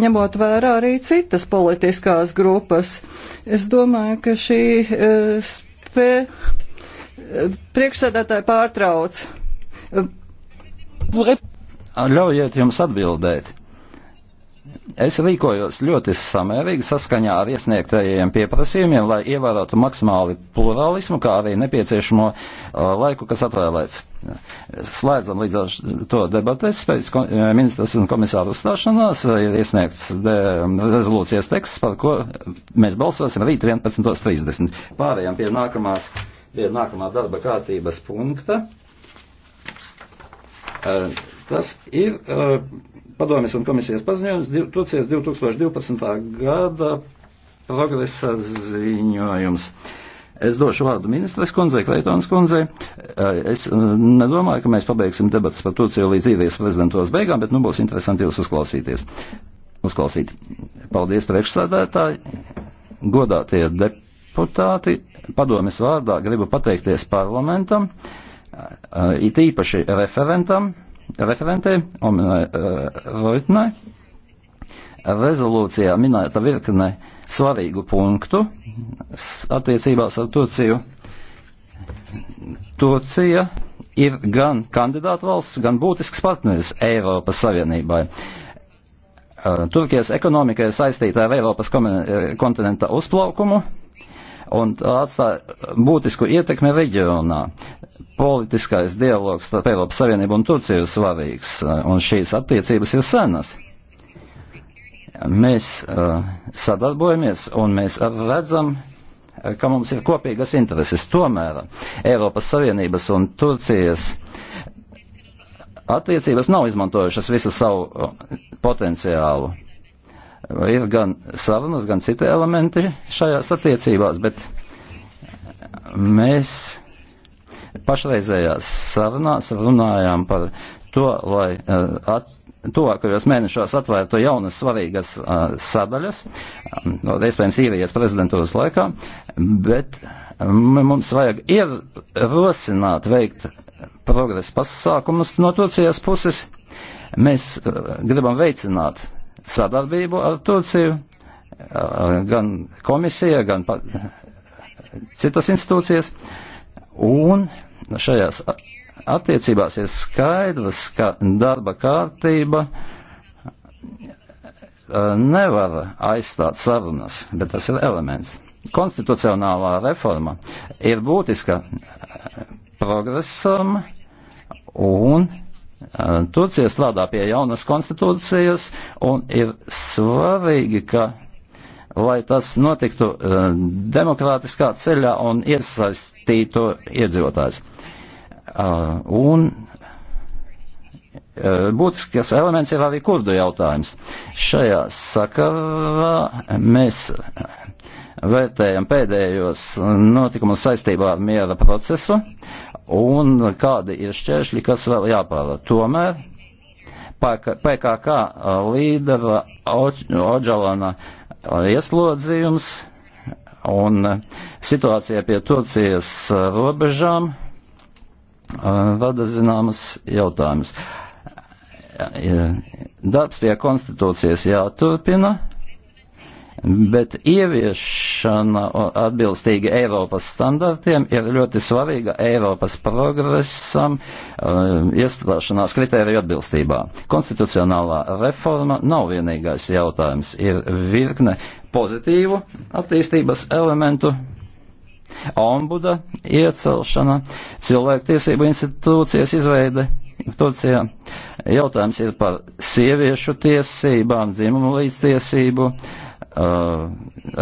ņemot vērā arī citas politiskās grupas. Es domāju, ka šī e, spē... E, priekšsēdētāja pārtrauc. Ļaujiet jums atbildēt. Es rīkojos ļoti samērīgi saskaņā ar iesniegtajiem pieprasījumiem, lai ievērotu maksimāli plurālismu, kā arī nepieciešamo uh, laiku, kas atvēlēts. Slēdzam līdz ar to debates. Pēc eh, ministras un komisāra uzstāšanās ir iesniegts rezolūcijas teksts, par ko mēs balsosim rīt 11.30. Pārējām pie, nākamās, pie nākamā darba kārtības punkta. Eh, tas ir. Eh, Padomjas un komisijas paziņojums Turcijas 2012. gada progresa ziņojums. Es došu vārdu ministres kundzei, Kleitons kundzei. Eh, es eh, nedomāju, ka mēs pabeigsim debatas par Turciju līdz īrijas prezidentūras beigām, bet nu būs interesanti jūs uzklausīties. Uzklausīt. Paldies priekšsādētāji, godātie deputāti. Padomjas vārdā gribu pateikties parlamentam, eh, it īpaši referentam referentē Ominai uh, eh, Roitnai. Rezolūcijā minēta virkne svarīgu punktu attiecībās ar Turciju. Turcija ir gan kandidāta valsts, gan būtisks partneris Eiropas Savienībai. Eh, Turkijas ekonomika ir saistīta ar Eiropas eh, kontinenta uzplaukumu, un atstāja būtisku ietekmi reģionā. Politiskais dialogs starp Eiropas Savienību un Turciju ir svarīgs, eh, un šīs attiecības ir senas. Mēs uh, sadarbojamies, un mēs redzam, eh, ka mums ir kopīgas intereses. Tomēr Eiropas Savienības un Turcijas attiecības nav izmantojušas visu savu potenciālu ir gan sarunas, gan citi elementi šajās attiecībās, bet mēs pašreizējās sarunās runājām par to, lai uh, at, tuvākajos mēnešos atvērtu jaunas svarīgas uh, sadaļas, no, um, iespējams, īrijas prezidentūras laikā, bet um, mums vajag ierosināt veikt progresa pasākumus no Turcijas puses. Mēs uh, gribam veicināt sadarbību ar Turciju, gan komisija, gan citas institūcijas, un šajās attiecībās ir skaidrs, ka darba kārtība nevar aizstāt sarunas, bet tas ir elements. Konstitucionālā reforma ir būtiska progresam un Eh, Turcija strādā pie jaunas konstitūcijas un ir svarīgi, ka lai tas notiktu eh, demokrātiskā ceļā un iesaistītu iedzīvotājs. Eh, un būtisks elements ir arī kurdu jautājums. Šajā sakarā mēs vērtējam pēdējos notikumus saistībā ar miera procesu un kādi ir šķēršļi, kas vēl jāpārvar. Tomēr PKK līdera Oģalana ieslodzījums un situācija pie Turcijas robežām rada zināmas jautājumus. Darbs pie konstitūcijas jāturpina, bet ieviešana atbilstīgi Eiropas standartiem ir ļoti svarīga Eiropas progresam, eh, iestāšanās kritēriju atbilstībā. Konstitucionālā reforma nav vienīgais jautājums, ir virkne pozitīvu attīstības elementu. Ombuda iecelšana, cilvēktiesību institūcijas izveide Turcijā. Jautājums ir par sieviešu tiesībām, dzimumu līdztiesību. Uh, uh,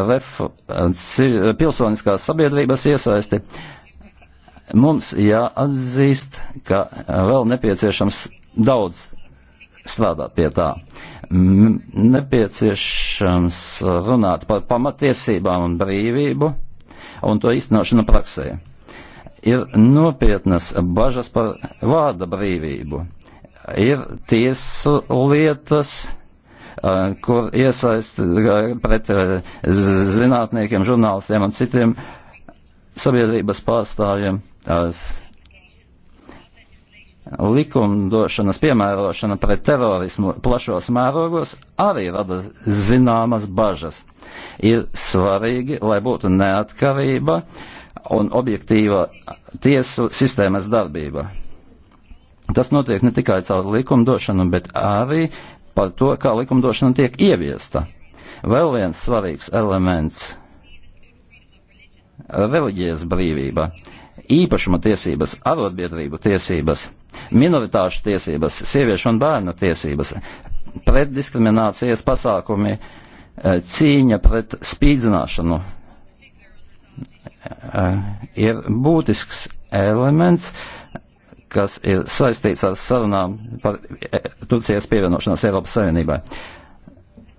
ref, pilsoniskās sabiedrības iesaisti, mums jāatzīst, ka vēl nepieciešams daudz strādāt pie tā. M nepieciešams runāt par pamatiesībām un brīvību un to īstenošanu praksē. Ir nopietnas bažas par vārda brīvību. Ir tiesu lietas, Eh, kur iesaist eh, pret eh, zinātniekiem, žurnālistiem un citiem sabiedrības pārstāvjiem likumdošanas piemērošana pret terorismu plašos mērogos arī rada zināmas bažas. Ir svarīgi, lai būtu neatkarība un objektīva tiesu sistēmas darbība. Tas notiek ne tikai caur likumdošanu, bet arī par to, kā likumdošana tiek ieviesta. Vēl viens svarīgs elements - reliģijas brīvība, īpašuma tiesības, arotbiedrību tiesības, minoritāšu tiesības, sieviešu un bērnu tiesības, pretdiskriminācijas pasākumi, eh, cīņa pret spīdzināšanu eh, ir būtisks elements, uh, kas ir saistīts ar sarunām par e, Turcijas pievienošanās Eiropas Savienībai.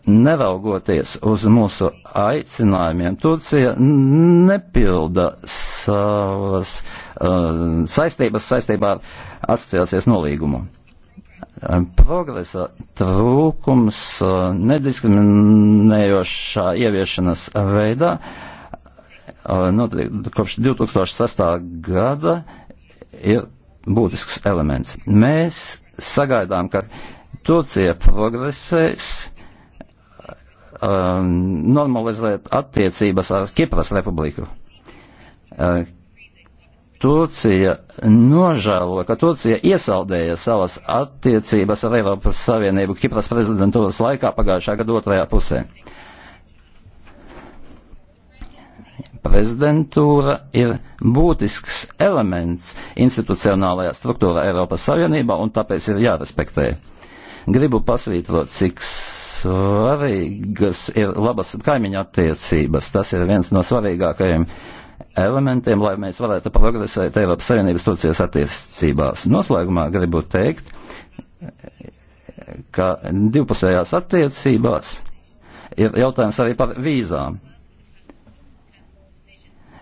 Neraugoties uz mūsu aicinājumiem, Turcija nepilda savas uh, saistības saistībā ar asociācijas nolīgumu e, progresa trūkums nediskriminējošā ieviešanas veidā notiek kopš 2006. gada ir būtisks elements. Mēs sagaidām, ka Turcija progresēs um, normalizēt attiecības ar Kipras republiku. Uh, Turcija nožēlo, ka Turcija iesaldēja savas attiecības ar Eiropas Savienību Kipras prezidentūras laikā pagājušā gada otrajā pusē. Uh, prezidentūra ir būtisks elements institucionālajā struktūrā Eiropas Savienībā un tāpēc ir jārespektē. Gribu pasvītrot, cik svarīgas ir labas kaimiņa attiecības. Tas ir viens no svarīgākajiem elementiem, lai mēs varētu progresēt Eiropas Savienības Turcijas attiecībās. Noslēgumā gribu teikt, ka divpusējās attiecībās ir jautājums arī par vīzām.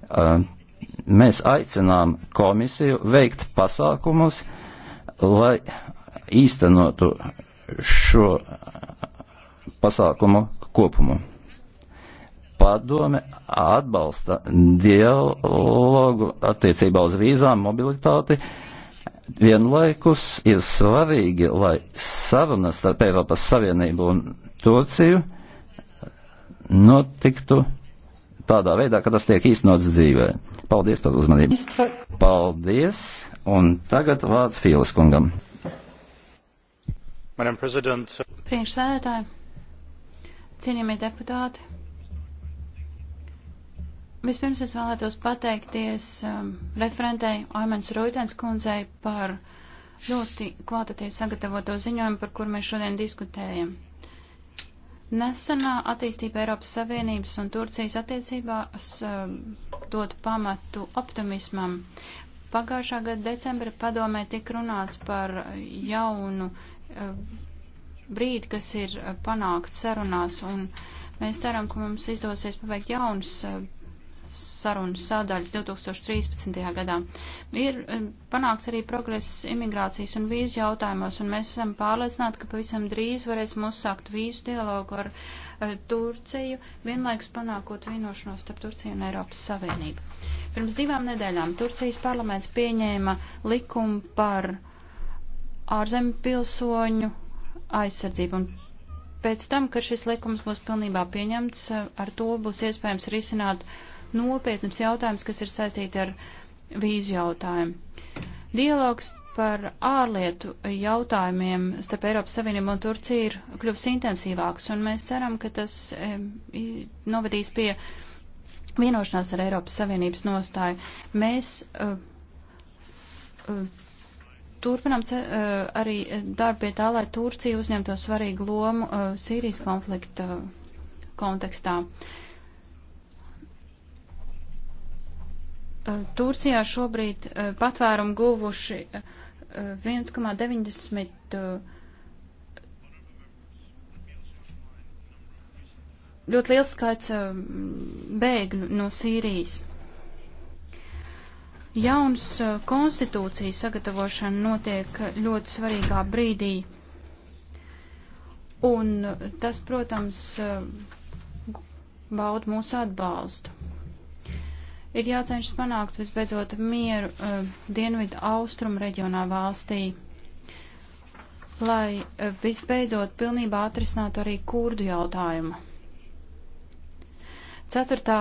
Uh, mēs aicinām komisiju veikt pasākumus, lai īstenotu šo pasākumu kopumu. Padome atbalsta dialogu attiecībā uz vīzām, mobilitāti, vienlaikus ir svarīgi, lai sarunas starp Eiropas Savienību un Turciju notiktu tādā veidā, ka tas tiek īstenots dzīvē. Paldies par uzmanību. Paldies, un tagad vārds Fīles kungam. Priekšsēdētāji, cienījamie deputāti, vispirms es vēlētos pateikties um, referentei Aimens Rūtens kundzei par ļoti kvalitatīvi sagatavoto ziņojumu, par kur mēs šodien diskutējam. Nesenā attīstība Eiropas Savienības un Turcijas attiecībās um, dod pamatu optimismam. Pagājušā gada decembra padomē tik runāts par jaunu um, brīdi, kas ir uh, panākt sarunās, un mēs ceram, ka mums izdosies paveikt jaunas um, sarunu sadaļas 2013. gadā. Ir eh, panāks arī progress imigrācijas un vīzu jautājumos, un mēs esam pārliecināti, ka pavisam drīz varēsim uzsākt vīzu dialogu ar uh, Turciju, vienlaikus panākot vienošanos starp Turciju un Eiropas Savienību. Pirms divām nedēļām Turcijas parlaments pieņēma likumu par ārzemju pilsoņu aizsardzību un pēc tam, kad šis likums būs pilnībā pieņemts, eh, ar to būs iespējams risināt uh, nopietnas jautājumas, kas ir saistīti ar vīzu jautājumu. Dialogs par ārlietu jautājumiem starp Eiropas Savienību un Turciju ir kļuvis intensīvāks, un mēs ceram, ka tas e, novedīs pie vienošanās ar Eiropas Savienības nostāju. Mēs e, e, turpinām e, arī darbu pie tā, lai Turcija uzņemto svarīgu lomu e, Sīrijas konflikta kontekstā. E, Eh, Turcijā šobrīd eh, patvērumu guvuši 1,90 eh, ļoti liels skaits bēgļu no Sīrijas. Jauns konstitūcijas sagatavošana notiek ļoti svarīgā brīdī. Un tas, protams, bauda mūsu atbalstu. Ir jācenšas panākt visbeidzot mieru uh, dienvidu austrumu reģionā valstī, lai uh, visbeidzot pilnībā atrisinātu arī kurdu jautājumu. Ceturtā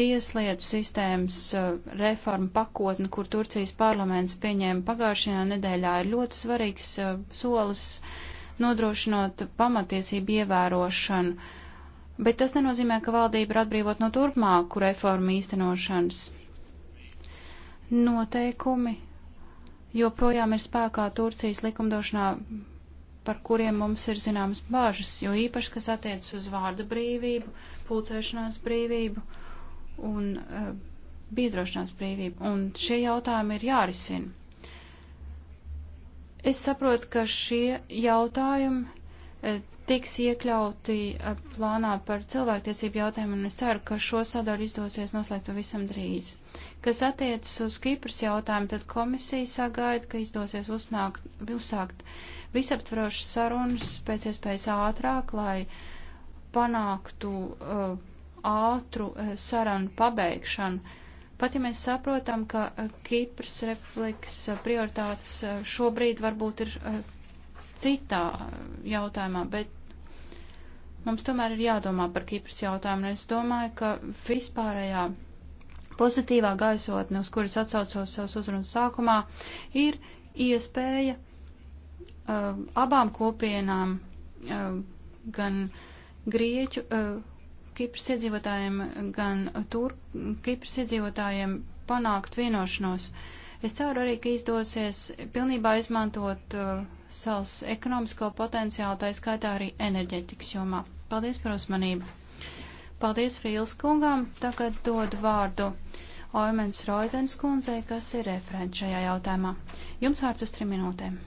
tieslietu sistēmas uh, reforma pakotne, kur Turcijas parlaments pieņēma pagājušajā nedēļā, ir ļoti svarīgs uh, solis nodrošinot pamatiesību ievērošanu Bet tas nenozīmē, ka valdība ir atbrīvot no turpmāku reformu īstenošanas. Noteikumi joprojām ir spēkā Turcijas likumdošanā, par kuriem mums ir zināmas bāžas, jo īpaši, kas attiecas uz vārda brīvību, pulcēšanās brīvību un uh, biedrošanās brīvību. Un šie jautājumi ir jārisina. Es saprotu, ka šie jautājumi uh, tiks iekļauti eh, plānā par cilvēktiesību jautājumu, un es ceru, ka šo sadaļu izdosies noslēgt pavisam drīz. Kas attiecas uz Kipras jautājumu, tad komisija sagaida, ka izdosies uznākt, uzsākt visaptvarošas sarunas pēc iespējas ātrāk, lai panāktu uh, ātru uh, sarunu pabeigšanu. Pat ja mēs saprotam, ka uh, Kipras refleks uh, prioritātes uh, šobrīd varbūt ir. Uh, citā jautājumā, bet Mums tomēr ir jādomā par Kipras jautājumu, un es domāju, ka vispārējā pozitīvā gaisotne, uz kuras atsaucos savas uzrunas sākumā, ir iespēja uh, abām kopienām, uh, gan grieķu, uh, Kipras iedzīvotājiem, gan tur Kipras iedzīvotājiem panākt vienošanos. Uh, Es ceru arī, ka izdosies pilnībā izmantot uh, savas ekonomisko potenciālu, tā skaitā arī enerģetikas jomā. Paldies par uzmanību. Paldies Rīls kungam. Tagad dod vārdu Oimens Roidens kundzei, kas ir referents šajā jautājumā. Jums vārds uz trim minūtēm.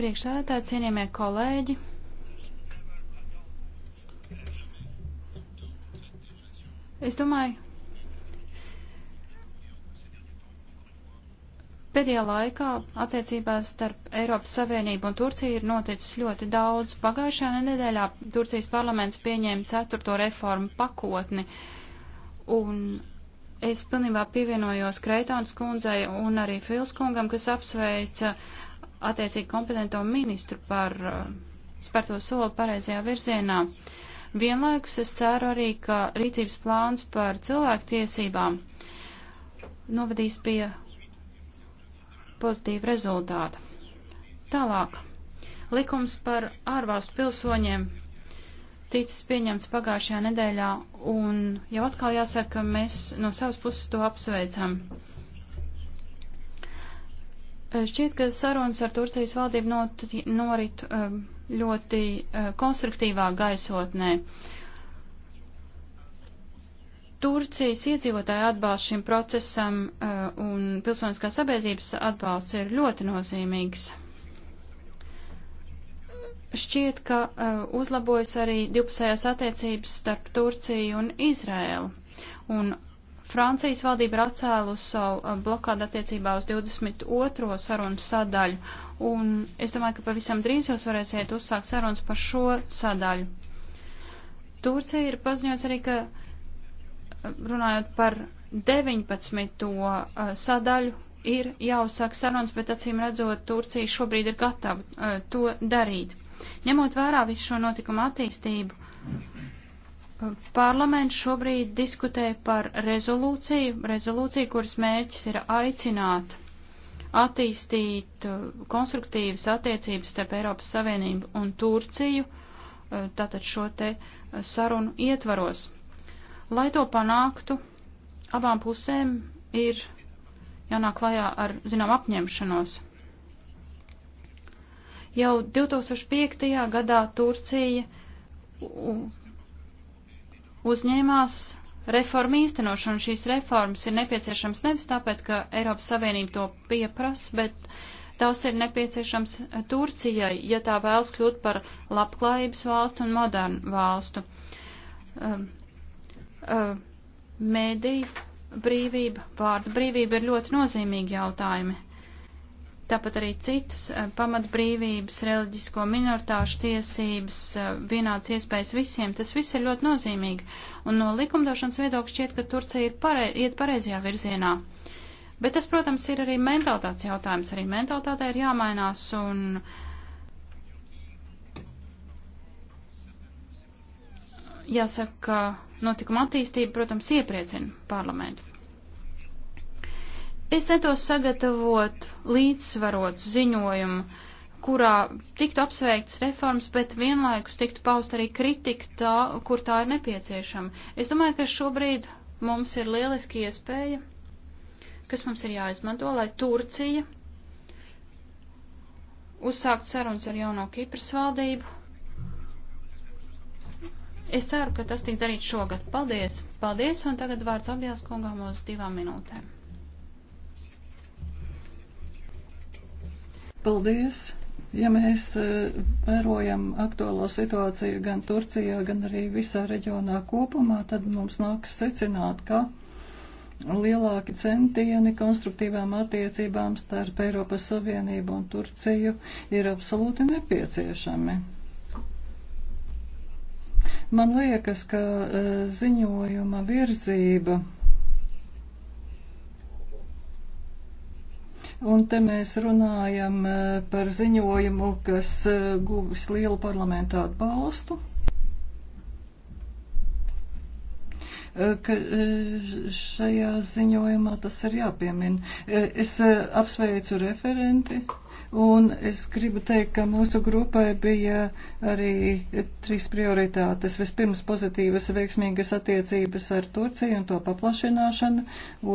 Priekšsēdētāji, cienījamie kolēģi. Es domāju, pēdējā laikā attiecībās starp Eiropas Savienību un Turciju ir noticis ļoti daudz. Pagājušajā nedēļā Turcijas parlaments pieņēma ceturto reformu pakotni. Un es pilnībā pievienojos Kreitāns kundzei un arī Filskungam, kas apsveica attiecīgi kompetento ministru par uh, spērto soli pareizajā virzienā. Uh, Vienlaikus es ceru arī, ka rīcības plāns par cilvēktiesībām novadīs pie pozitīva rezultāta. Tālāk. Likums par ārvalstu pilsoņiem ticis pieņemts pagājušajā nedēļā, un jau atkal jāsaka, ka mēs no savas puses to apsveicam. Šķiet, ka sarunas ar Turcijas valdību not, norit um, ļoti uh, konstruktīvā gaisotnē. Turcijas iedzīvotāja atbalsts šim procesam uh, un pilsoniskās sabiedrības atbalsts ir ļoti nozīmīgs. Šķiet, ka uh, uzlabojas arī divpusējās attiecības starp Turciju un Izrēlu. Un Francijas valdība ir atcēlus savu blokādu attiecībā uz 22. sarunu sadaļu un es domāju, ka pavisam drīz jūs varēsiet uzsākt sarunas par šo sadaļu. Turcija ir paziņojusi arī, ka eh, runājot par 19. Eh, sadaļu, ir jāuzsāk sarunas, bet acīm redzot, Turcija šobrīd ir gatava eh, to darīt. Ņemot vērā visu šo notikumu attīstību, Parlaments šobrīd diskutē par rezolūciju, rezolūciju, kuras mērķis ir aicināt attīstīt uh, konstruktīvas attiecības starp Eiropas Savienību un Turciju, uh, tātad šo te uh, sarunu ietvaros. Lai to panāktu, abām pusēm ir jānāk klajā ar, zinām, apņemšanos. Jau 2005. gadā Turcija uzņēmās reformu īstenošanu. Šīs reformas ir nepieciešams nevis tāpēc, ka Eiropas Savienība to pieprasa, bet tās ir nepieciešams Turcijai, ja tā vēlas kļūt par labklājības valstu un modernu valstu. Um, uh, uh, Mēdī brīvība, vārda brīvība ir ļoti nozīmīgi jautājumi tāpat arī citas eh, pamatbrīvības, reliģisko minoritāšu tiesības, eh, vienāds iespējas visiem. Tas viss ir ļoti nozīmīgi. Un no likumdošanas viedokļa šķiet, ka Turcija ir pare, iet pareizajā virzienā. Bet tas, protams, ir arī mentalitātes jautājums. Arī mentalitātei ir jāmainās un. Jāsaka, notikuma attīstība, protams, iepriecina parlamentu. Es centos sagatavot līdzsvarotu ziņojumu, kurā tiktu apsveikts reformas, bet vienlaikus tiktu paust arī kritika tā, kur tā ir nepieciešama. Es domāju, ka šobrīd mums ir lieliski iespēja, kas mums ir jāizmanto, lai Turcija uzsākt sarunas ar jauno Kipras valdību. Es ceru, ka tas tiks darīts šogad. Paldies! Paldies! Un tagad vārds abjās kungām uz divām minūtēm. Paldies! Ja mēs e, vērojam aktuālo situāciju gan Turcijā, gan arī visā reģionā kopumā, tad mums nāks secināt, ka lielāki centieni konstruktīvām attiecībām starp Eiropas Savienību un Turciju ir absolūti nepieciešami. Man liekas, ka e, ziņojuma virzība Un te mēs runājam eh, par ziņojumu, kas eh, guvis lielu parlamentu atbalstu. Eh, ka šajā ziņojumā tas ir jāpiemina. Es apsveicu referenti Un es gribu teikt, ka mūsu grupai bija arī trīs prioritātes. Vispirms pozitīvas veiksmīgas attiecības ar Turciju un to paplašināšanu,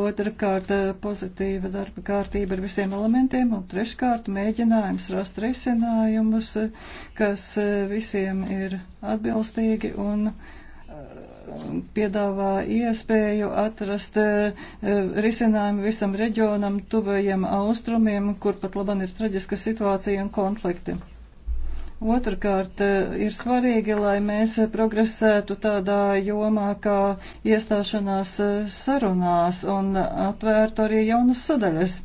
otrkārt pozitīva darba kārtība ar visiem elementiem un treškārt mēģinājums rast risinājumus, kas visiem ir atbilstīgi un piedāvā iespēju atrast e, e, risinājumu visam reģionam, tuvajiem austrumiem, kur pat labam ir traģiska situācija un konflikti. Otrakārt, e, ir svarīgi, lai mēs progresētu tādā jomā kā iestāšanās sarunās un atvērtu arī jaunas sadaļas.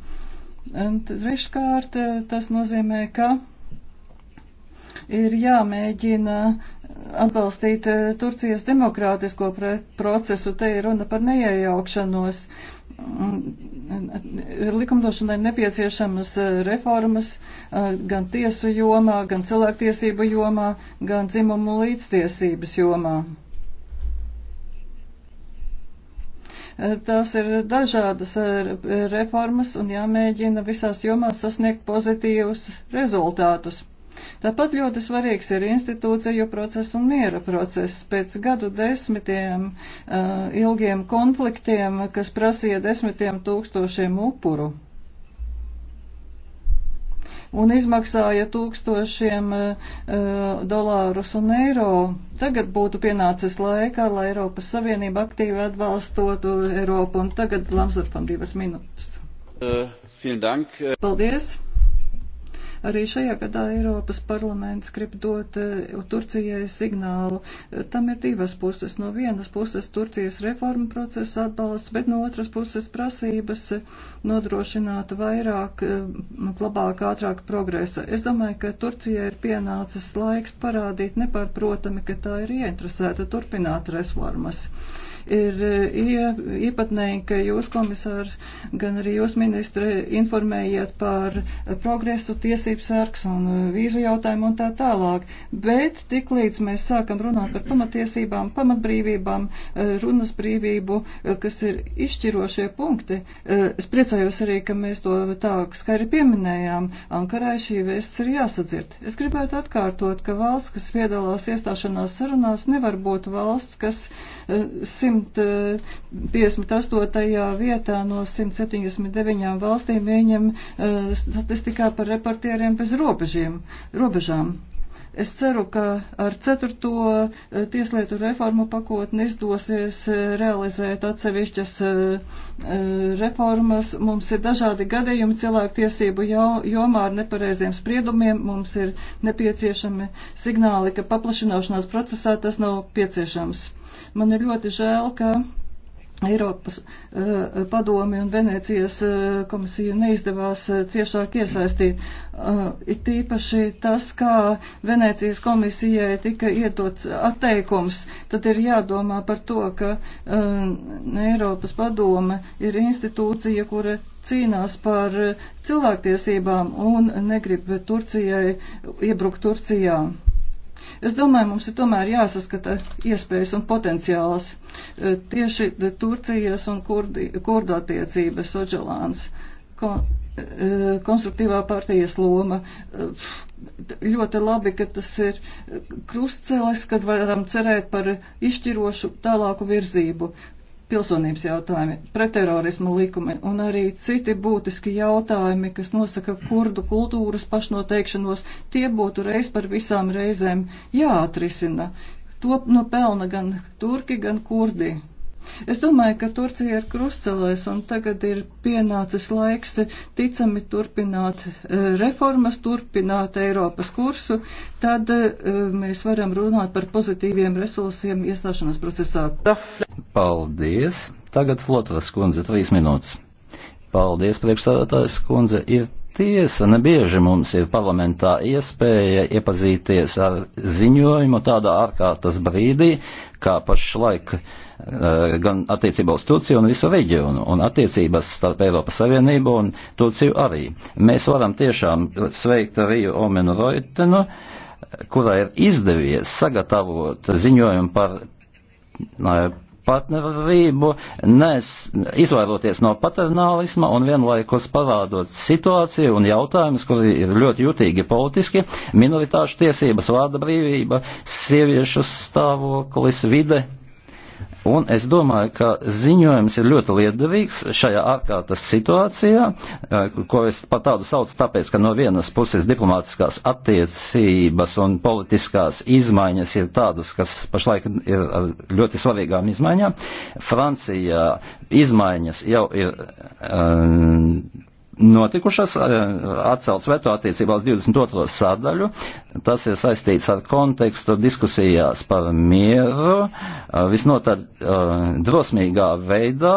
Treškārt, tas nozīmē, ka ir jāmēģina atbalstīt eh, Turcijas demokrātisko procesu. Te ir runa par neiejaukšanos. Eh, likumdošanai nepieciešamas eh, reformas gan tiesu jomā, gan cilvēktiesību jomā, gan dzimumu līdztiesības jomā. Tās ir dažādas reformas un jāmēģina visās jomās sasniegt pozitīvus rezultātus. Tāpat ļoti svarīgs ir institūciju process un miera process. Pēc gadu desmitiem uh, ilgiem konfliktiem, kas prasīja desmitiem tūkstošiem upuru un izmaksāja tūkstošiem uh, dolārus un eiro. Tagad būtu pienācis laikā, lai Eiropas Savienība aktīvi atbalstotu Eiropu, un tagad Lamsdorfam divas minūtes. Uh, Paldies! Arī šajā gadā Eiropas parlaments grib dot eh, Turcijai signālu. Tam ir divas puses. No vienas puses Turcijas reforma procesa atbalsts, bet no otras puses prasības. Uh, nodrošinātu vairāk, eh, labāk, ātrāk progresa. Es domāju, ka Turcijai ir pienācis laiks parādīt nepārprotami, ka tā ir ieinteresēta turpināt reformas ir eh, īpatnēji, ka jūs, komisāri, gan arī jūs, ministri, informējiet par progresu, tiesības sargs un eh, vīzu jautājumu un tā tālāk. Bet tik līdz mēs sākam runāt par pamatiesībām, pamatbrīvībām, runas brīvību, kas ir izšķirošie punkti, es priecājos, priecājos arī, ka mēs to tā skaidri pieminējām. Ankarai šī vēsts ir jāsadzird. Es gribētu atkārtot, ka valsts, kas piedalās iestāšanās sarunās, nevar būt valsts, kas 158. Eh, vietā no 179 valstīm ieņem eh, statistikā par reportieriem bez robežiem, robežām. Es ceru, ka ar ceturto eh, tieslietu reformu pakotni izdosies eh, realizēt atsevišķas eh, reformas. Mums ir dažādi gadījumi cilvēktiesību jomā ar nepareiziem spriedumiem. Mums ir nepieciešami signāli, ka paplašināšanās procesā tas nav pieciešams. Man ir ļoti žēl, ka Eiropas uh, padomi un Venēcijas uh, eh, komisiju neizdevās uh, ciešāk iesaistīt. It īpaši tas, kā Venēcijas komisijai tika iedots atteikums, tad ir jādomā par to, ka Eiropas padome ir institūcija, kura cīnās par cilvēktiesībām un negrib Turcijai iebrukt Turcijā. Es domāju, mums ir tomēr jāsaskata iespējas un potenciāls. E, tieši Turcijas un kurdi, kurdu attiecības Oģelāns. Kon, e, konstruktīvā partijas loma. E, ļoti labi, ka tas ir krustcelis, kad varam cerēt par izšķirošu tālāku virzību pilsonības jautājumi, preterorismu likumi un arī citi būtiski jautājumi, kas nosaka kurdu kultūras pašnoteikšanos, tie būtu reiz par visām reizēm jāatrisina. To nopelna gan turki, gan kurdi. Es domāju, ka Turcija ir krustcelēs un tagad ir pienācis laiks ticami turpināt eh, reformas, turpināt Eiropas kursu, tad eh, mēs varam runāt par pozitīviem resursiem iestāšanās procesā. Paldies! Tagad Flotras kundze, trīs minūtes. Paldies, priekšstādātājs kundze. Ir tiesa, nebieži mums ir parlamentā iespēja iepazīties ar ziņojumu tādā ārkārtas brīdī, kā pašlaik eh, gan attiecībā uz Turciju un visu reģionu, un attiecības starp Eiropas Savienību un Turciju arī. Mēs varam tiešām sveikt Riju Omenu Roitenu, kurai ir izdevies sagatavot ziņojumu par eh, partnerību, nes izvairoties no paternālisma un vienlaikus parādot situāciju un jautājumus, kuri ir ļoti jutīgi politiski, minoritāšu tiesības, vārda brīvība, sieviešu stāvoklis, vide Un es domāju, ka ziņojums ir ļoti liederīgs šajā ārkārtas situācijā, eh, ko es pat tādu saucu, tāpēc, ka no vienas puses diplomātiskās attiecības un politiskās izmaiņas ir tādas, kas pašlaik ir ar ļoti svarīgām izmaiņām. Francijā izmaiņas jau ir. Um, notikušas, e, atcelts veto attiecībā uz 22. sadaļu. Tas ir saistīts ar kontekstu diskusijās par mieru, e, visnotaļ e, drosmīgā veidā,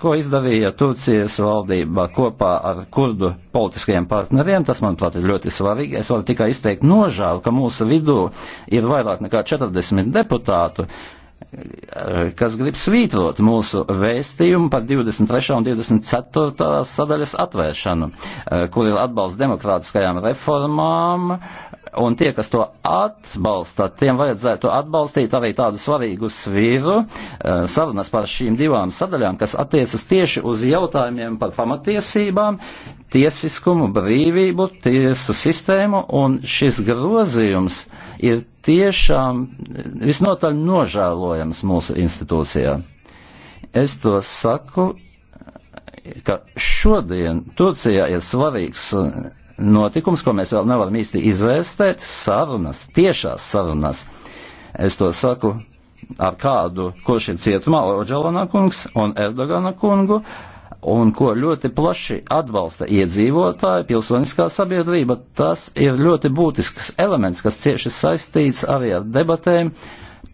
ko izdarīja Turcijas valdība kopā ar kurdu politiskajiem partneriem. Tas, manuprāt, ir ļoti svarīgi. Es varu tikai izteikt nožēlu, ka mūsu vidū ir vairāk nekā 40 deputātu, kas grib svītrot mūsu vēstījumu par 23. un 24. sadaļas atvēršanu, eh, kur ir atbalsts demokrātiskajām reformām, un tie, kas to atbalsta, tiem vajadzētu atbalstīt arī tādu svarīgu svīru eh, sarunas par šīm divām sadaļām, kas attiecas tieši uz jautājumiem par pamatiesībām, tiesiskumu, brīvību, tiesu sistēmu, un šis grozījums ir tiešām visnotaļ nožēlojams mūsu institūcijā. Es to saku, ka šodien Turcijā ir svarīgs notikums, ko mēs vēl nevaram īsti izvērstēt - sarunas, tiešās sarunas. Es to saku ar kādu, kurš ir cietumā, Oģelana kungs un Erdogana kungu, uh, un ko ļoti plaši atbalsta iedzīvotāji, pilsoniskā sabiedrība, tas ir ļoti būtisks elements, kas cieši saistīts arī ar debatēm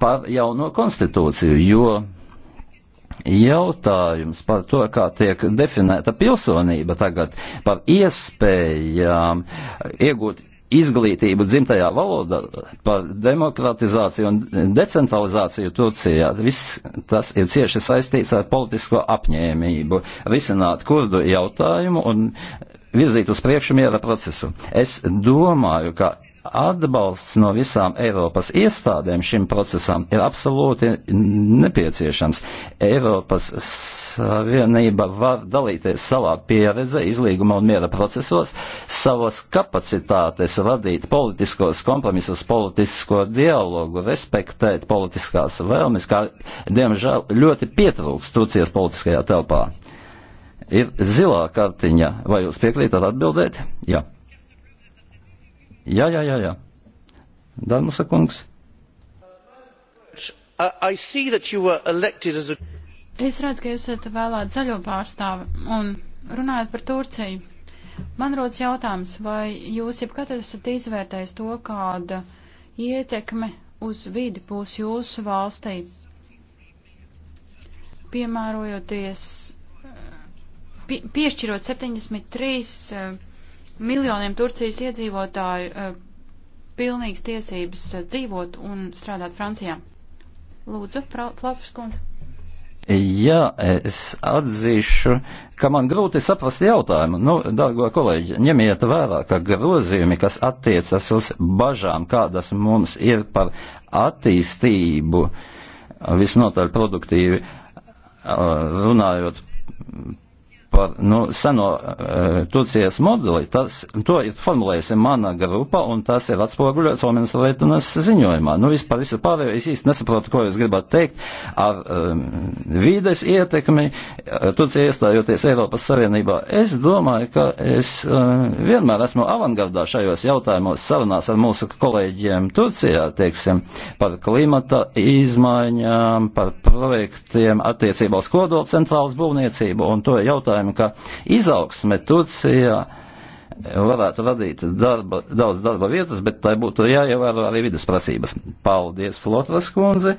par jauno konstitūciju, jo jautājums par to, kā tiek definēta pilsonība tagad, par iespējām iegūt izglītību dzimtajā valodā, par demokratizāciju un decentralizāciju Turcijā, viss tas ir cieši saistīts ar politisko apņēmību risināt kurdu jautājumu un virzīt uz priekšu miera procesu. Es domāju, ka Atbalsts no visām Eiropas iestādēm šim procesam ir absolūti nepieciešams. Eiropas Savienība var dalīties savā pieredze izlīguma un miera procesos, savas kapacitātes radīt politiskos kompromisus, politisko dialogu, respektēt politiskās vēlmes, kā diemžēl ļoti pietrūks Turcijas politiskajā telpā. Ir zilā kartiņa, vai jūs piekrītat atbildēt? Jā. Ja. Jā, jā, jā, jā. Danusa kungs. I see that you were elected as a. Es redzu, ka jūs esat vēlēts zaļo pārstāvi un runājot par Turciju. Man rodas jautājums, vai jūs jebkad esat izvērtējis to, kāda ietekme uz vidi būs jūsu valstī, piemērojoties, pie, piešķirot 73 miljoniem Turcijas iedzīvotāju uh, pilnīgas tiesības uh, dzīvot un strādāt Francijā. Lūdzu, Flaps kundze. Jā, es atzīšu, ka man grūti saprast jautājumu. Nu, dārgo kolēģi, ņemiet vērā, ka grozījumi, kas attiecas uz bažām, kādas mums ir par attīstību, visnotaļ produktīvi eh, runājot par nu, seno uh, Turcijas modeli, tas, to ir formulējusi mana grupa, un tas ir atspoguļots Omenas Leitinas ziņojumā. Nu, vispār visu pārējo es īsti nesaprotu, ko jūs gribat teikt ar um, vīdes ietekmi, uh, Turcija iestājoties Eiropas Savienībā. Es domāju, ka es uh, vienmēr esmu avangardā šajos jautājumos sarunās ar mūsu kolēģiem Turcijā, teiksim, par klimata izmaiņām, par projektiem attiecībā uz kodolcentrālas būvniecību, un to jautājumu jautājumu, ka izaugsme Turcijā varētu radīt darba, daudz darba vietas, bet tai būtu jāievēro arī vidas prasības. Paldies, Flotras kundze!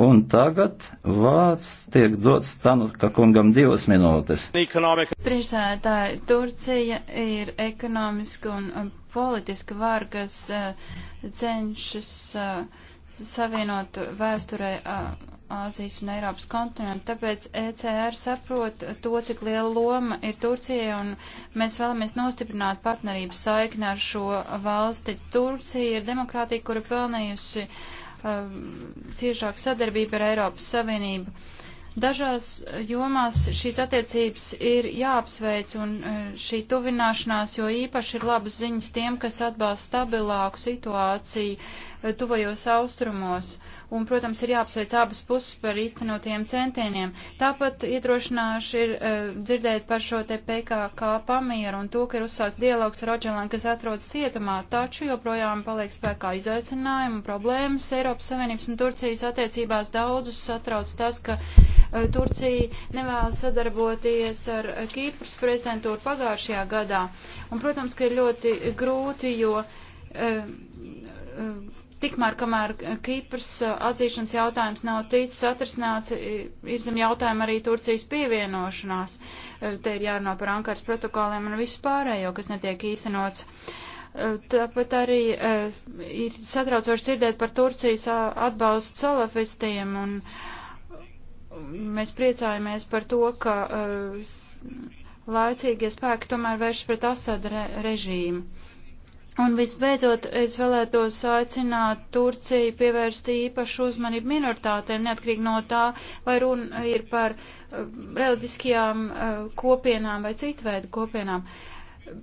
Un tagad vārds tiek dots Tanuka kungam divas minūtes. Priekšsēdētāji, Turcija ir ekonomiska un politiska vara, kas eh, cenšas eh, savienot vēsturē eh, Āzijas un Eiropas kontinentu. Tāpēc ECR saprot to, cik liela loma ir Turcija, un mēs vēlamies nostiprināt partnerības saikni ar šo valsti. Turcija ir demokrātija, kura pelnījusi uh, ciešāku sadarbību ar Eiropas Savienību. Dažās jomās šīs attiecības ir jāapsveic, un uh, šī tuvināšanās jo īpaši ir labas ziņas tiem, kas atbalsta stabilāku situāciju uh, tuvajos austrumos. Uh, un, protams, ir jāapsveic abas puses par īstenotajiem centieniem. Tāpat iedrošināšu ir uh, dzirdēt par šo te PKK pamieru un to, ka ir uzsākts dialogs ar Oģelānu, kas atrodas cietumā, taču joprojām paliek spēkā izaicinājumi un problēmas Eiropas Savienības un Turcijas attiecībās daudzus satrauc tas, ka uh, Turcija nevēlas sadarboties ar uh, eh, Kīpras prezidentūru pagājušajā gadā. Un, protams, ka ir ļoti grūti, jo uh, uh, Tikmēr, kamēr Kīpras uh, atzīšanas jautājums nav ticis atrisināts, ir zem jautājuma arī Turcijas pievienošanās. Uh, te ir jārunā par Ankaras protokoliem un visu pārējo, kas netiek īstenots. Uh, tāpat arī ir satraucoši dzirdēt par Turcijas atbalstu salafistiem, un mēs priecājamies par to, ka laicīgie spēki tomēr vērš pret Asada režīmu. Un visbeidzot, es vēlētos aicināt Turciju pievērst īpašu uzmanību minoritātēm, neatkarīgi no tā, vai runa ir par uh, reliģiskajām uh, kopienām vai citu veidu kopienām.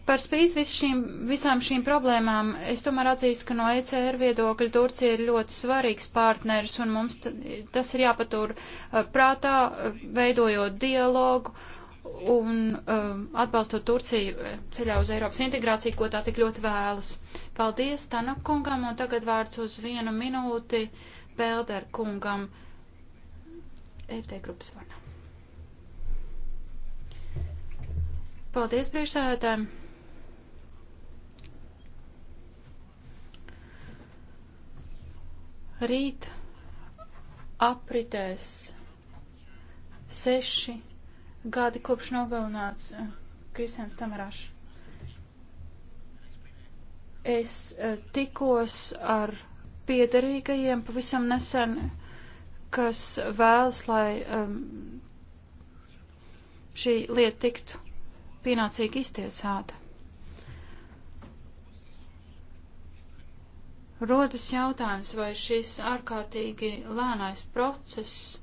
Par spīti šīm, visām šīm problēmām, es tomēr atzīstu, ka no ECR viedokļa Turcija ir ļoti svarīgs partners, un mums tas ir jāpatur uh, prātā, uh, veidojot dialogu un um, atbalstot Turciju eh, ceļā uz Eiropas integrāciju, ko tā tik ļoti vēlas. Paldies Tanakungam, un tagad vārds uz vienu minūti Pelderkungam. ET grupas vana. Paldies priekšsēdētājiem. Rīt apritēs seši gadi kopš nogalināts eh, Kristians Tamarāšs. Es eh, tikos ar piederīgajiem pavisam nesen, kas vēlas, lai um, šī lieta tiktu pienācīgi iztiesāta. Rodas jautājums, vai šis ārkārtīgi lēnais process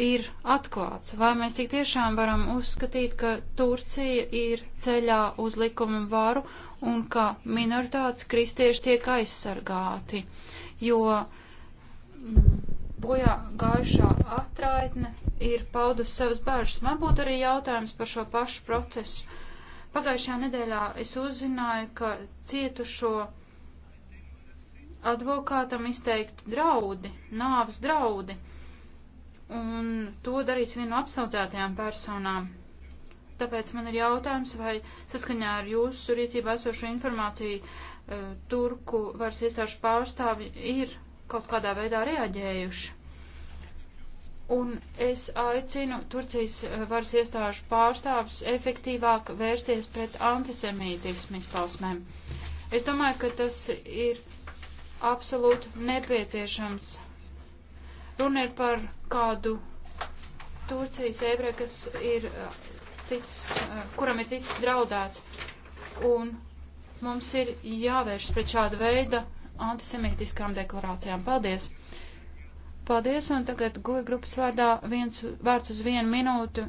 ir atklāts. Vai mēs tik tiešām varam uzskatīt, ka Turcija ir ceļā uz likumu varu un ka minoritātes kristieši tiek aizsargāti, jo mm, bojā gājušā atraitne ir paudus savas bāžas. Man būtu arī jautājums par šo pašu procesu. Pagājušajā nedēļā es uzzināju, ka cietušo advokātam izteikti draudi, nāvas draudi un to darīts vienu apsaudzētajām personām. Tāpēc man ir jautājums, vai saskaņā ar jūsu rīcībā esošo informāciju eh, turku varas iestāžu pārstāvi ir kaut kādā veidā reaģējuši. Un es aicinu Turcijas eh, varas iestāžu pārstāvus efektīvāk vērsties pret antisemītismu izpausmēm. Es domāju, ka tas ir absolūti nepieciešams Runa ir par kādu Turcijas ebreju, kas ir ticis, kuram ir ticis draudēts. Un mums ir jāvērš pret šāda veida antisemītiskām deklarācijām. Paldies! Paldies, un tagad guļu grupas vārdā viens vārds uz vienu minūtu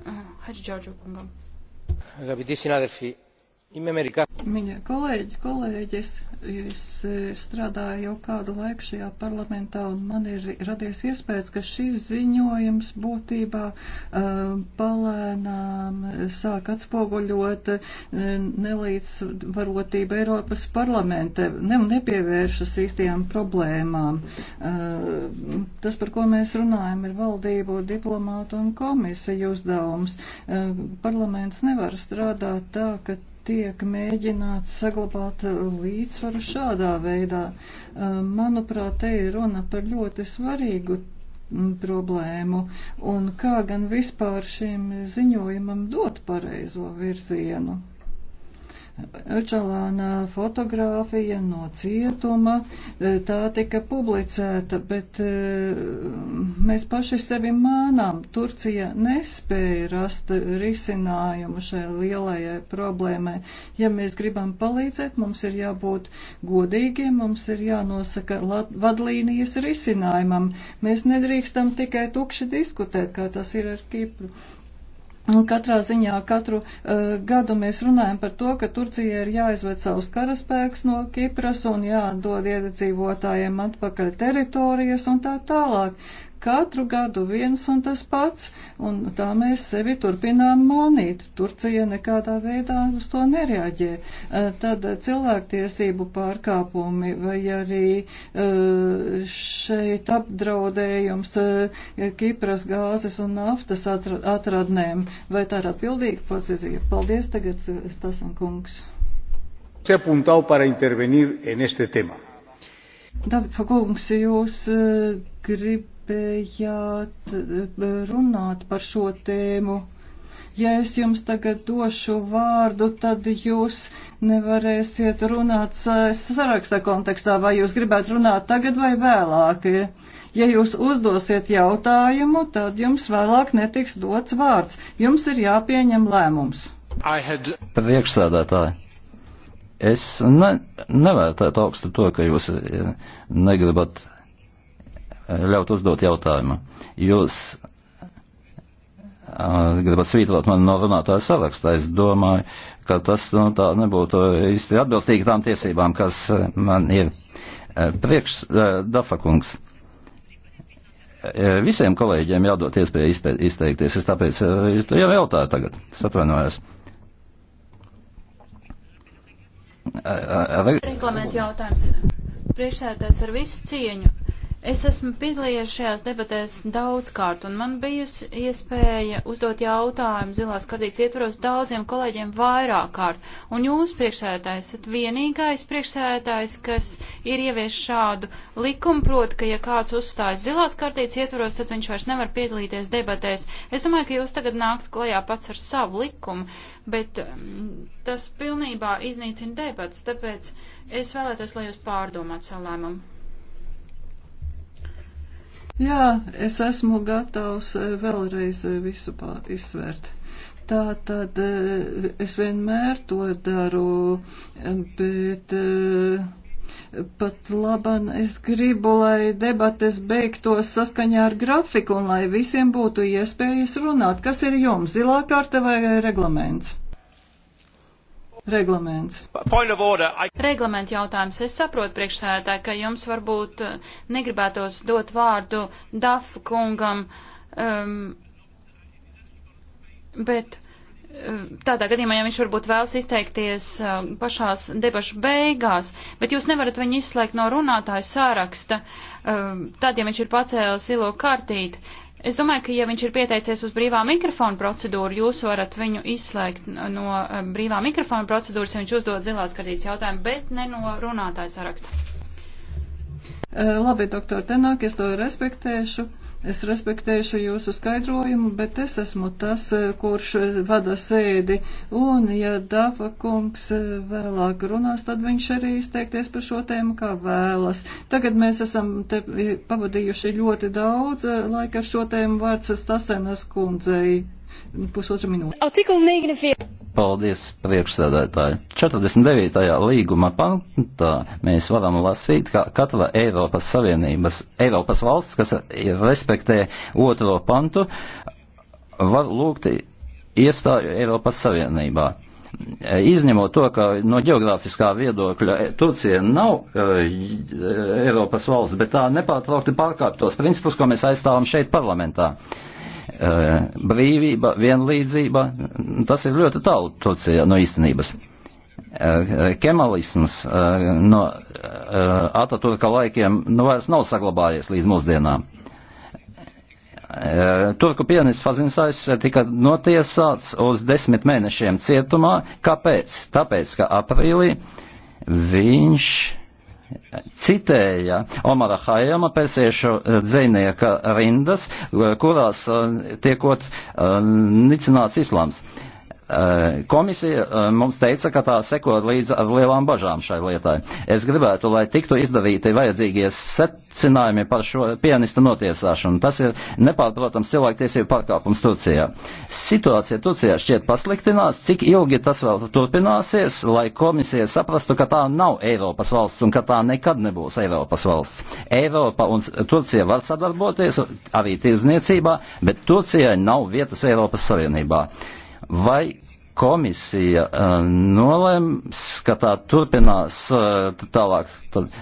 Hadži Džordžu kungam. Viņa kolēģi, kolēģis, es strādāju jau kādu laiku šajā parlamentā un man ir radies iespējas, ka šis ziņojums būtībā palēnām sāk atspoguļot nelīdzvarotību Eiropas parlamente, ne, nepievēršas īstajām problēmām. Tas, par ko mēs runājam, ir valdību, diplomātu un komisiju uzdevums. Parlaments nevar strādāt tā, ka tiek mēģināts saglabāt līdzsvaru šādā veidā. Manuprāt, te ir runa par ļoti svarīgu problēmu un kā gan vispār šim ziņojumam dot pareizo virzienu. Öčalāna fotografija no cietuma, e, tā tika publicēta, bet e, mēs paši sevi mānām. Turcija nespēja rast risinājumu šai lielajai problēmai. Ja mēs gribam palīdzēt, mums ir jābūt godīgiem, mums ir jānosaka vadlīnijas risinājumam. Mēs nedrīkstam tikai tukši diskutēt, kā tas ir ar Kipru. Katrā ziņā katru uh, gadu mēs runājam par to, ka Turcija ir jāizved savus karaspēks no Kipras un jāatdod iedzīvotājiem atpakaļ teritorijas un tā tālāk. Katru gadu viens un tas pats, un tā mēs sevi turpinām mānīt. Turcija nekādā veidā uz to nereaģē. Eh, tad cilvēktiesību pārkāpumi vai arī eh, šeit apdraudējums eh, Kipras gāzes un naftas atradnēm vai tādā pildīga procesija. Paldies tagad, Stasan kungs se ha apuntado para intervenir en este tema. David Fakungs, jūs grib, gribējāt e, runāt par šo tēmu. Ja es jums tagad došu vārdu, tad jūs nevarēsiet runāt sarakstā kontekstā, vai jūs gribētu runāt tagad vai vēlāk. Ja jūs uzdosiet jautājumu, tad jums vēlāk netiks dots vārds. Jums ir jāpieņem lēmums. Had... Priekšsēdētāji, es ne, nevērtētu augstu to, ka jūs e, negribat ļaut uzdot jautājumu. Jūs uh, gribat svītrot mani no runātāja sarakstā. Es domāju, ka tas nu, tā nebūtu īsti atbilstīgi tām tiesībām, kas man ir. Priekš uh, Dafakungs. Visiem kolēģiem jādod iespēja izteikties. Es tāpēc jau jautāju tagad. Es atvainojos. Reglamentu jautājums. Priekšsēdētājs ar visu cieņu Es esmu piedalījies šajās debatēs daudz kārt, un man bijusi iespēja uzdot jautājumu zilās kartītes ietvaros daudziem kolēģiem vairāk kārt. Un jūs, priekšsēdētājs, esat vienīgais priekšsēdētājs, kas ir ievies šādu likumu, proti, ka ja kāds uzstājas zilās kartītes ietvaros, tad viņš vairs nevar piedalīties debatēs. Es domāju, ka jūs tagad nākt klajā pats ar savu likumu, bet mm, tas pilnībā iznīcina debats, tāpēc es vēlētos, lai jūs pārdomātu savu lēmumu. Jā, es esmu gatavs eh, vēlreiz eh, visu izsvērt. Tā tad eh, es vienmēr to daru, bet pat labam es gribu, lai debates beigtos saskaņā ar grafiku un lai visiem būtu iespējas runāt. Kas ir jums, zilā karte vai reglaments? Reglaments. Order, I... Reglamenta jautājums. Es saprotu priekšsēdētāji, ka jums varbūt eh, negribētos dot vārdu Dafu kungam, um, bet eh, tādā gadījumā, ja viņš varbūt vēlas izteikties eh, pašās debašu beigās, bet jūs nevarat viņu izslēgt no runātāju sāraksta, ehm, tad, ja viņš ir pacēlis ilo kartīti, Es domāju, ka ja viņš ir pieteicies uz brīvā mikrofona procedūru, jūs varat viņu izslēgt no eh, brīvā mikrofona procedūras, ja viņš uzdod zilās kartītes jautājumu, bet ne no runātāja saraksta. Eh, labi, doktor Tenāk, es to respektēšu. Es respektēšu jūsu skaidrojumu, bet es esmu tas, eh, kurš eh, vada sēdi. Un, ja Dāfa kungs eh, vēlāk runās, tad viņš arī izteikties par šo tēmu, kā vēlas. Tagad mēs esam te pavadījuši ļoti daudz laika ar šo tēmu vārds Stasenas kundzei. Pusotra minūte. Artikl 49. Paldies, priekšsēdētāji. 49. līguma pantā mēs varam lasīt, ka katra Eiropas Savienības, Eiropas valsts, kas respektē otro pantu, var lūgt iestāju Eiropas Savienībā. Izņemot to, ka no geogrāfiskā viedokļa Turcija nav uh, Eiropas valsts, bet tā nepārtraukti pārkāp tos principus, ko mēs aizstāvam šeit parlamentā. Uh, Eh, brīvība, vienlīdzība, tas ir ļoti tālu Turcijā no īstenības. Eh, kemalisms eh, no Ataturka laikiem nu vairs nav saglabājies līdz mūsdienām. Turku pianists Fazinsājs tika notiesāts uz desmit mēnešiem cietumā. Kāpēc? Tāpēc, ka aprīlī viņš citēja Omara Hajama persiešu eh, dzinieka rindas, eh, kurās eh, tiekot nicināts islāms. Eh, komisija eh, mums teica, ka tā seko līdz ar lielām bažām šai lietai. Es gribētu, lai tiktu izdarīti vajadzīgie secinājumi par šo pianista notiesāšanu. Tas ir nepārprotams cilvēktiesību pārkāpums Turcijā. Situācija Turcijā šķiet pasliktinās, cik ilgi tas vēl turpināsies, lai komisija saprastu, ka tā nav Eiropas valsts un ka tā nekad nebūs Eiropas valsts. Eiropa un Turcija var sadarboties arī tirzniecībā, bet Turcijai nav vietas Eiropas Savienībā. Vai komisija uh, nolēms, ka tā turpinās uh, tālāk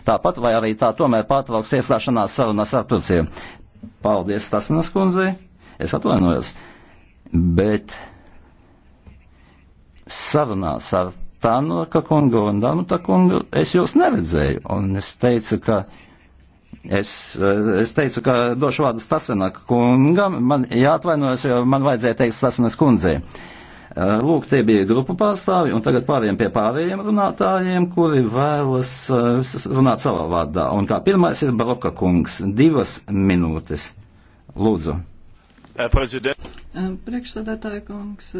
tāpat, vai arī tā tomēr pārtrauks ieslēgšanās sarunās ar Turciju? Paldies, Stasinas kundzei, es atvainojos, bet sarunās ar Tānoka kungu un Danuta kungu es jūs neredzēju, un es teicu, ka Es, es teicu, ka došu vārdu Stasenaka kungam, man jāatvainojas, jo man vajadzēja teikt Stasenas kundzei. Uh, lūk, tie bija grupu pārstāvi, un tagad pārējiem pie pārējiem runātājiem, kuri vēlas uh, runāt savā vārdā. Un tā pirmais ir Baroka kungs, divas minūtes. Lūdzu. Uh, priekšsēdētāja kungs,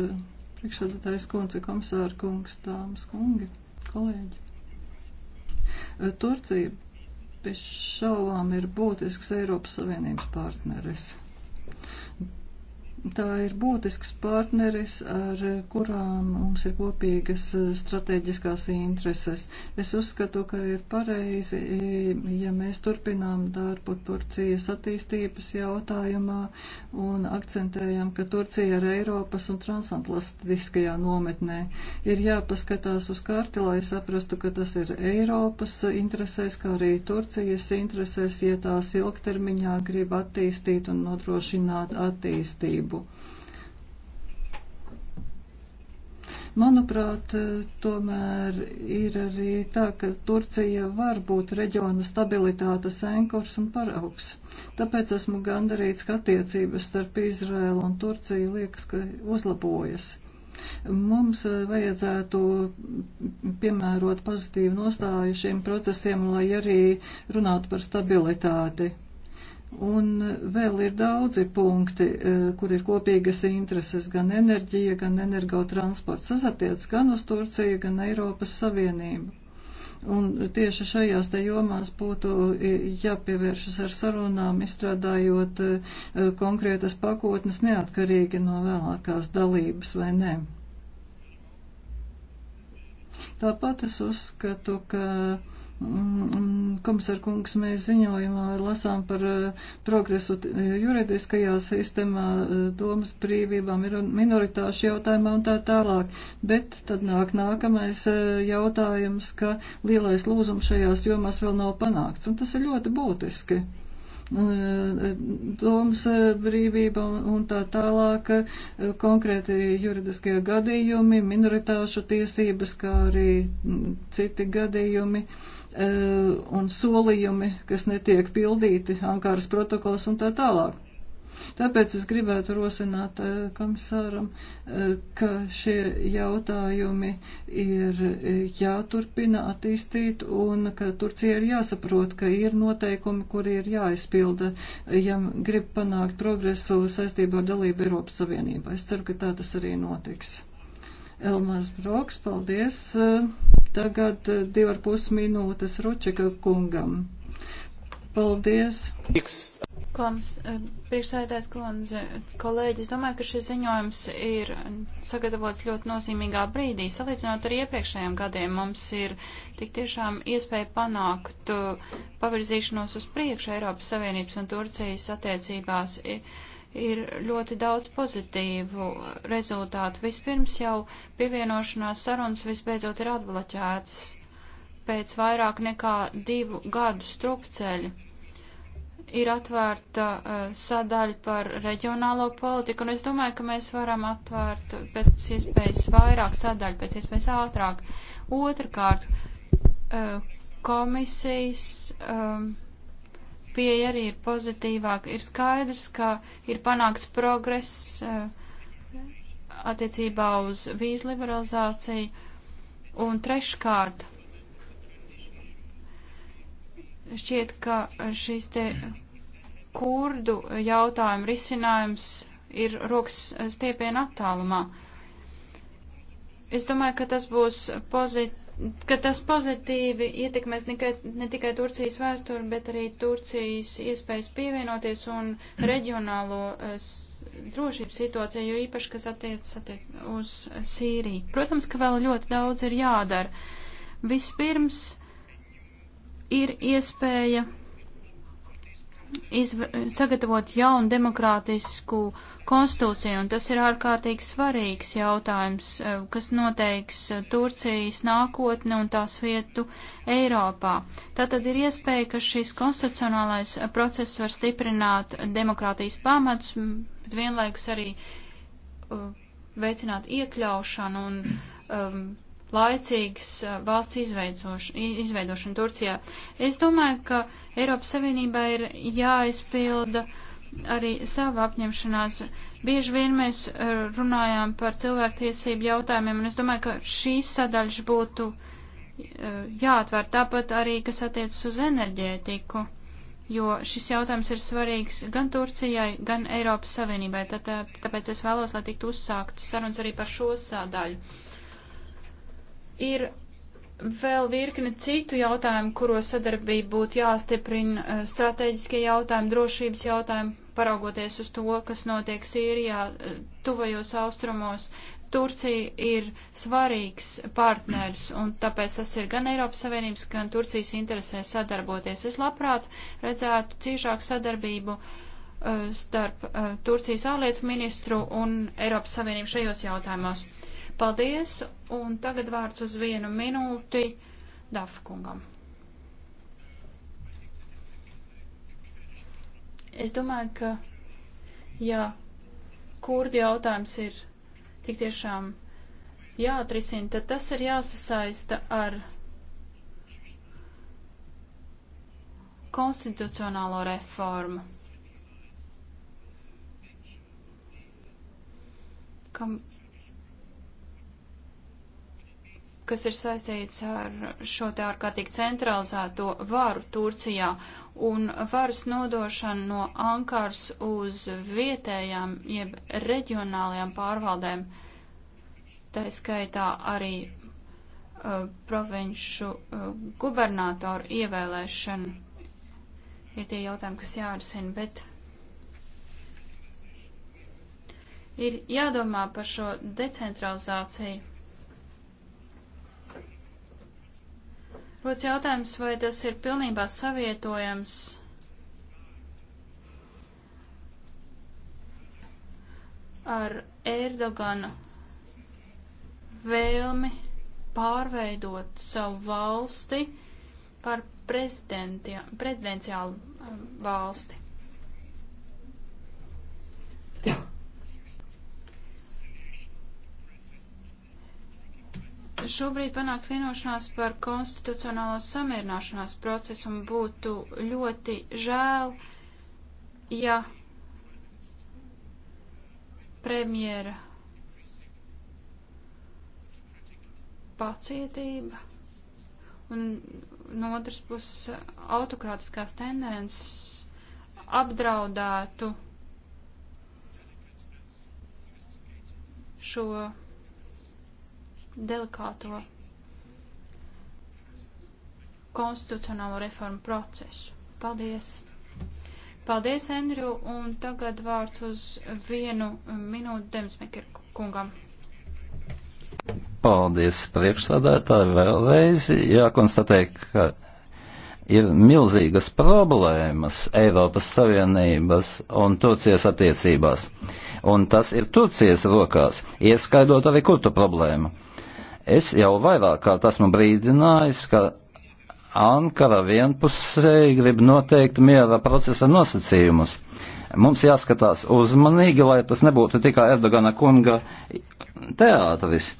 priekšsēdētājs kundze, komisāra kungs, dāmas kungi, kolēģi. Turcija bez šaubām ir būtisks Eiropas Savienības partneris. Tā ir būtisks partneris, ar kurām mums ir kopīgas eh, strateģiskās intereses. Es uzskatu, ka ir pareizi, eh, ja mēs turpinām darbu Turcijas attīstības jautājumā un akcentējam, ka Turcija ir Eiropas un transatlantiskajā nometnē. Ir jāpaskatās uz karti, lai saprastu, ka tas ir Eiropas interesēs, kā arī Turcijas interesēs, ja tās ilgtermiņā grib attīstīt un nodrošināt attīstību. Manuprāt, e, tomēr ir arī tā, ka Turcija var būt reģiona stabilitātes enkurs un paraugs. Tāpēc esmu gandarīts, ka attiecības starp Izraēlu un Turciju liekas, ka uzlabojas. Mums e, vajadzētu piemērot pozitīvu nostāju šiem procesiem, lai arī runātu par stabilitāti. Un vēl ir daudzi punkti, eh, kur ir kopīgas intereses gan enerģija, gan energotransports. Tas attiec gan uz Turciju, gan Eiropas Savienību. Un tieši šajās te jomās būtu eh, jāpievēršas ar sarunām, izstrādājot eh, konkrētas pakotnes neatkarīgi no vēlākās dalības vai nē. Tāpat es uzskatu, ka Komisāra kungs, mēs ziņojumā lasām par eh, progresu eh, juridiskajā sistēmā, eh, domas brīvībām, minoritāšu jautājumā un tā tālāk. Bet tad nāk nākamais jautājums, ka lielais lūzums šajās jomās vēl nav panākts. Un tas ir ļoti būtiski domas brīvība un tā tālāk, konkrēti juridiskie gadījumi, minoritāšu tiesības, kā arī mm, citi gadījumi. Uh, E, un solījumi, kas netiek pildīti, Ankaras protokols un tā tālāk. Tāpēc es gribētu rosināt e, komisāram, e, ka šie jautājumi ir jāturpina attīstīt un ka Turcija ir jāsaprot, ka ir noteikumi, kuri ir jāizpilda, ja grib panākt progresu saistībā ar dalību Eiropas Savienībā. Es ceru, ka tā tas arī notiks. Elmars Broks, paldies. Tagad eh, divi ar pus minūtes Ručika kungam. Paldies. Koms, eh, priekšsēdētājs kundze, kolēģis, domāju, ka šis ziņojums ir sagatavots ļoti nozīmīgā brīdī. Salīdzinot ar iepriekšējiem gadiem, mums ir tik tiešām iespēja panākt eh, pavirzīšanos uz priekšu Eiropas Savienības un Turcijas attiecībās. Ir, ir ļoti daudz pozitīvu rezultātu. Vispirms jau pievienošanās sarunas visbeidzot ir atbloķētas pēc vairāk nekā divu gadu strupceļa. Ir atvērta uh, sadaļa par reģionālo politiku, un es domāju, ka mēs varam atvērt pēc iespējas vairāk sadaļu, pēc iespējas ātrāk. Otrakārt, uh, e, komisijas. Um, uh, pieeja arī ir pozitīvāka. Ir skaidrs, ka ir panāks progress eh, attiecībā uz vīzu liberalizāciju. Un treškārt, šķiet, ka šīs te kurdu jautājumu risinājums ir rokas stiepiena attālumā. Es domāju, ka tas būs pozit ka tas pozitīvi ietekmēs nekai, ne tikai Turcijas vēsturi, bet arī Turcijas iespējas pievienoties un reģionālo es, eh, drošības situāciju, jo īpaši, kas attiecas attiec uz Sīriju. Protams, ka vēl ļoti daudz ir jādara. Vispirms ir iespēja sagatavot jaunu demokrātisku konstitūciju, un tas ir ārkārtīgi svarīgs jautājums, eh, kas noteiks eh, Turcijas nākotni un tās vietu Eiropā. Tātad ir iespēja, ka šis konstitucionālais process var stiprināt demokrātijas pamatus, bet vienlaikus arī eh, veicināt iekļaušanu un um, laicīgas eh, valsts izveidošana Turcijā. Es domāju, ka Eiropas Savienībā ir jāizpilda arī sava apņemšanās. Bieži vien mēs eh, runājām par cilvēktiesību jautājumiem, un es domāju, ka šīs sadaļas būtu eh, jāatver tāpat arī, kas attiecas uz enerģētiku, jo šis jautājums ir svarīgs gan Turcijai, gan Eiropas Savienībai. Tātad, tāpēc es vēlos, lai tiktu uzsāktas sarunas arī par šo sadaļu. Ir vēl virkni citu jautājumu, kuros sadarbība būtu jāstiprina, eh, strateģiskie jautājumi, drošības jautājumi, paraugoties uz to, kas notiek Sīrijā, eh, tuvajos austrumos. Turcija ir svarīgs partners, un tāpēc tas ir gan Eiropas Savienības, gan Turcijas interesē sadarboties. Es labprāt redzētu ciešāku sadarbību eh, starp Turcijas ārlietu ministru un Eiropas Savienību šajos jautājumos. Paldies, un tagad vārds uz vienu minūti Dafkungam. Es domāju, ka, ja kurdi jautājums ir tik tiešām jāatrisina, tad tas ir jāsasaista ar konstitucionālo reformu, kam kas ir saistīts ar šo te ārkārtīgi centralizēto varu Turcijā un varas nodošanu no Ankars uz vietējām jeb reģionālajām pārvaldēm, tā skaitā arī uh, provinšu uh, gubernatoru ievēlēšanu. Ir tie jautājumi, kas jārisina, bet ir jādomā par šo decentralizāciju. Rodas jautājums, vai tas ir pilnībā savietojams ar Erdogana vēlmi pārveidot savu valsti par prezidenciālu um, valsti. šobrīd panākt vienošanās par konstitucionālo samierināšanās procesu un būtu ļoti žēl, ja premjera pacietība un no otras puses autokrātiskās tendences apdraudētu šo delikāto konstitucionālo reformu procesu. Paldies! Paldies, Andriu, un tagad vārds uz vienu minūtu Demsmeker kungam. Paldies, priekšsādātāji, vēlreiz jākonstatē, ka ir milzīgas problēmas Eiropas Savienības un Turcijas attiecībās. Un tas ir Turcijas rokās, ieskaidot arī kurtu problēmu. Es jau vairāk kārt esmu brīdinājis, ka Ankara vienpusēji grib noteikt miera procesa nosacījumus. Mums jāskatās uzmanīgi, lai tas nebūtu tikai Erdogana kunga teātris.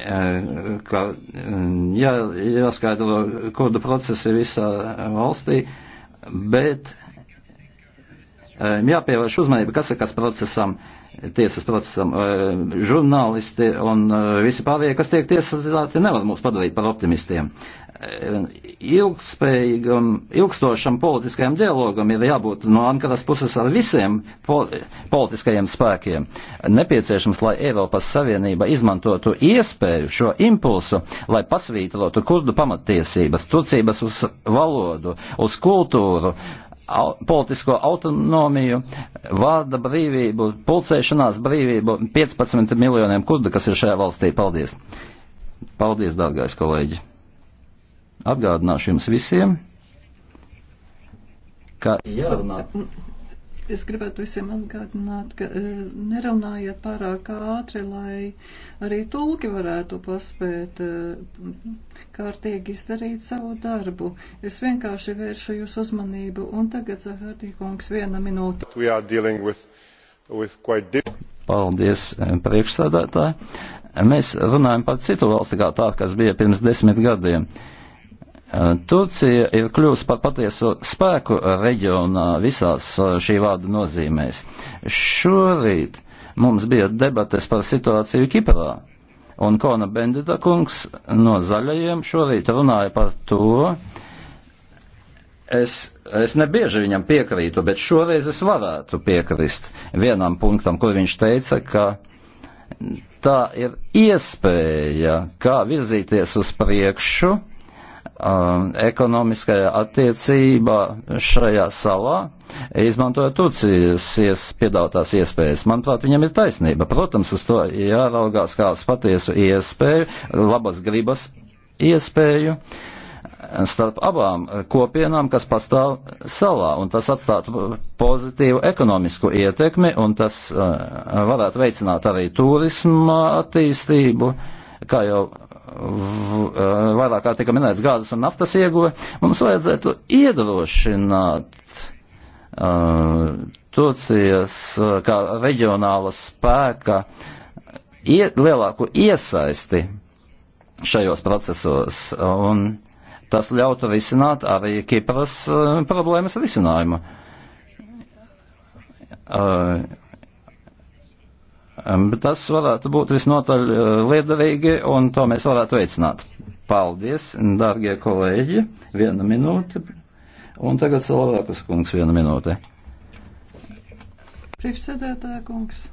E, ka, jā, jāskaidro, kurda procesa ir visā valstī, bet e, jāpievērš uzmanība, kas ir kas procesam. Uh, tiesas procesam. Žurnālisti un e, visi pārējie, kas tiek tiesāti, nevar mūs padarīt par optimistiem. E, ilgspējīgam, ilgstošam politiskajam dialogam ir jābūt no Ankaras puses ar visiem pol politiskajiem spēkiem. Nepieciešams, lai Eiropas Savienība izmantotu iespēju šo impulsu, lai pasvītrotu kurdu pamattiesības, turcības uz valodu, uz kultūru, uh, au, politisko autonomiju, vārda brīvību, pulcēšanās brīvību 15 miljoniem kurdu, kas ir šajā valstī. Paldies! Paldies, dārgais kolēģi! Atgādināšu jums visiem, ka jārunā. Es gribētu visiem atgādināt, ka e, nerunājiet pārāk ātri, lai arī tulki varētu paspēt e, kārtīgi izdarīt savu darbu. Es vienkārši vēršu jūs uzmanību un tagad Zahardīkungs viena minūte. With, with quite... Paldies, e, priekšstādātāji. Mēs runājam par citu valsti kā tā, kas bija pirms desmit gadiem. Uh, Turcija ir kļuvusi par patieso spēku reģionā visās eh, šī vārda nozīmēs. Šorīt mums bija debates par situāciju Kiprā, un Kona Bendita kungs no zaļajiem šorīt runāja par to, Es, es nebieži viņam piekrītu, bet šoreiz es varētu piekrist vienam punktam, kur viņš teica, ka tā ir iespēja, kā virzīties uz priekšu, um, ekonomiskajā attiecībā šajā salā, izmantoja Turcijas ies, piedāvātās iespējas. Manuprāt, viņam ir taisnība. Protams, uz to jāraugās kā uz patiesu iespēju, labas gribas iespēju starp abām kopienām, kas pastāv salā, un tas atstātu pozitīvu ekonomisku ietekmi, un tas uh, varētu veicināt arī turisma attīstību, kā jau Eh, vairāk kā tika minēts gāzes un naftas ieguve, mums vajadzētu iedrošināt uh, Turcijas eh, kā reģionāla spēka ie, lielāku iesaisti šajos procesos, un tas ļautu risināt arī Kipras uh, problēmas risinājumu. Uh, Um, bet tas varētu būt visnotaļ uh, liederīgi, un to mēs varētu veicināt. Paldies, dārgie kolēģi, viena minūte, un tagad Salavākas kungs viena minūte. Priekšsēdētāja kungs.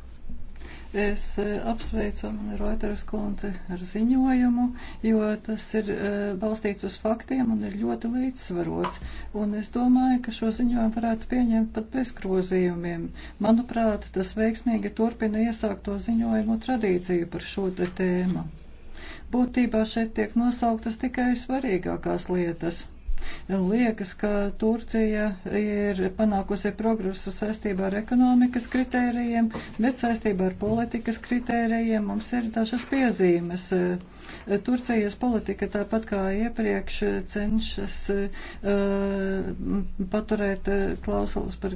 Es e, apsveicu Reuters kundzi ar ziņojumu, jo tas ir e, balstīts uz faktiem un ir ļoti līdzsvarots. Un es domāju, ka šo ziņojumu varētu pieņemt pat bez grozījumiem. Manuprāt, tas veiksmīgi turpina iesākto ziņojumu tradīciju par šo tēmu. Būtībā šeit tiek nosauktas tikai svarīgākās lietas Liekas, ka Turcija ir panākusi progresu saistībā ar ekonomikas kritērijiem, bet saistībā ar politikas kritērijiem mums ir dažas piezīmes. Uh, Turcijas politika, tāpat kā iepriekš, cenšas eh, paturēt eh, klausulas par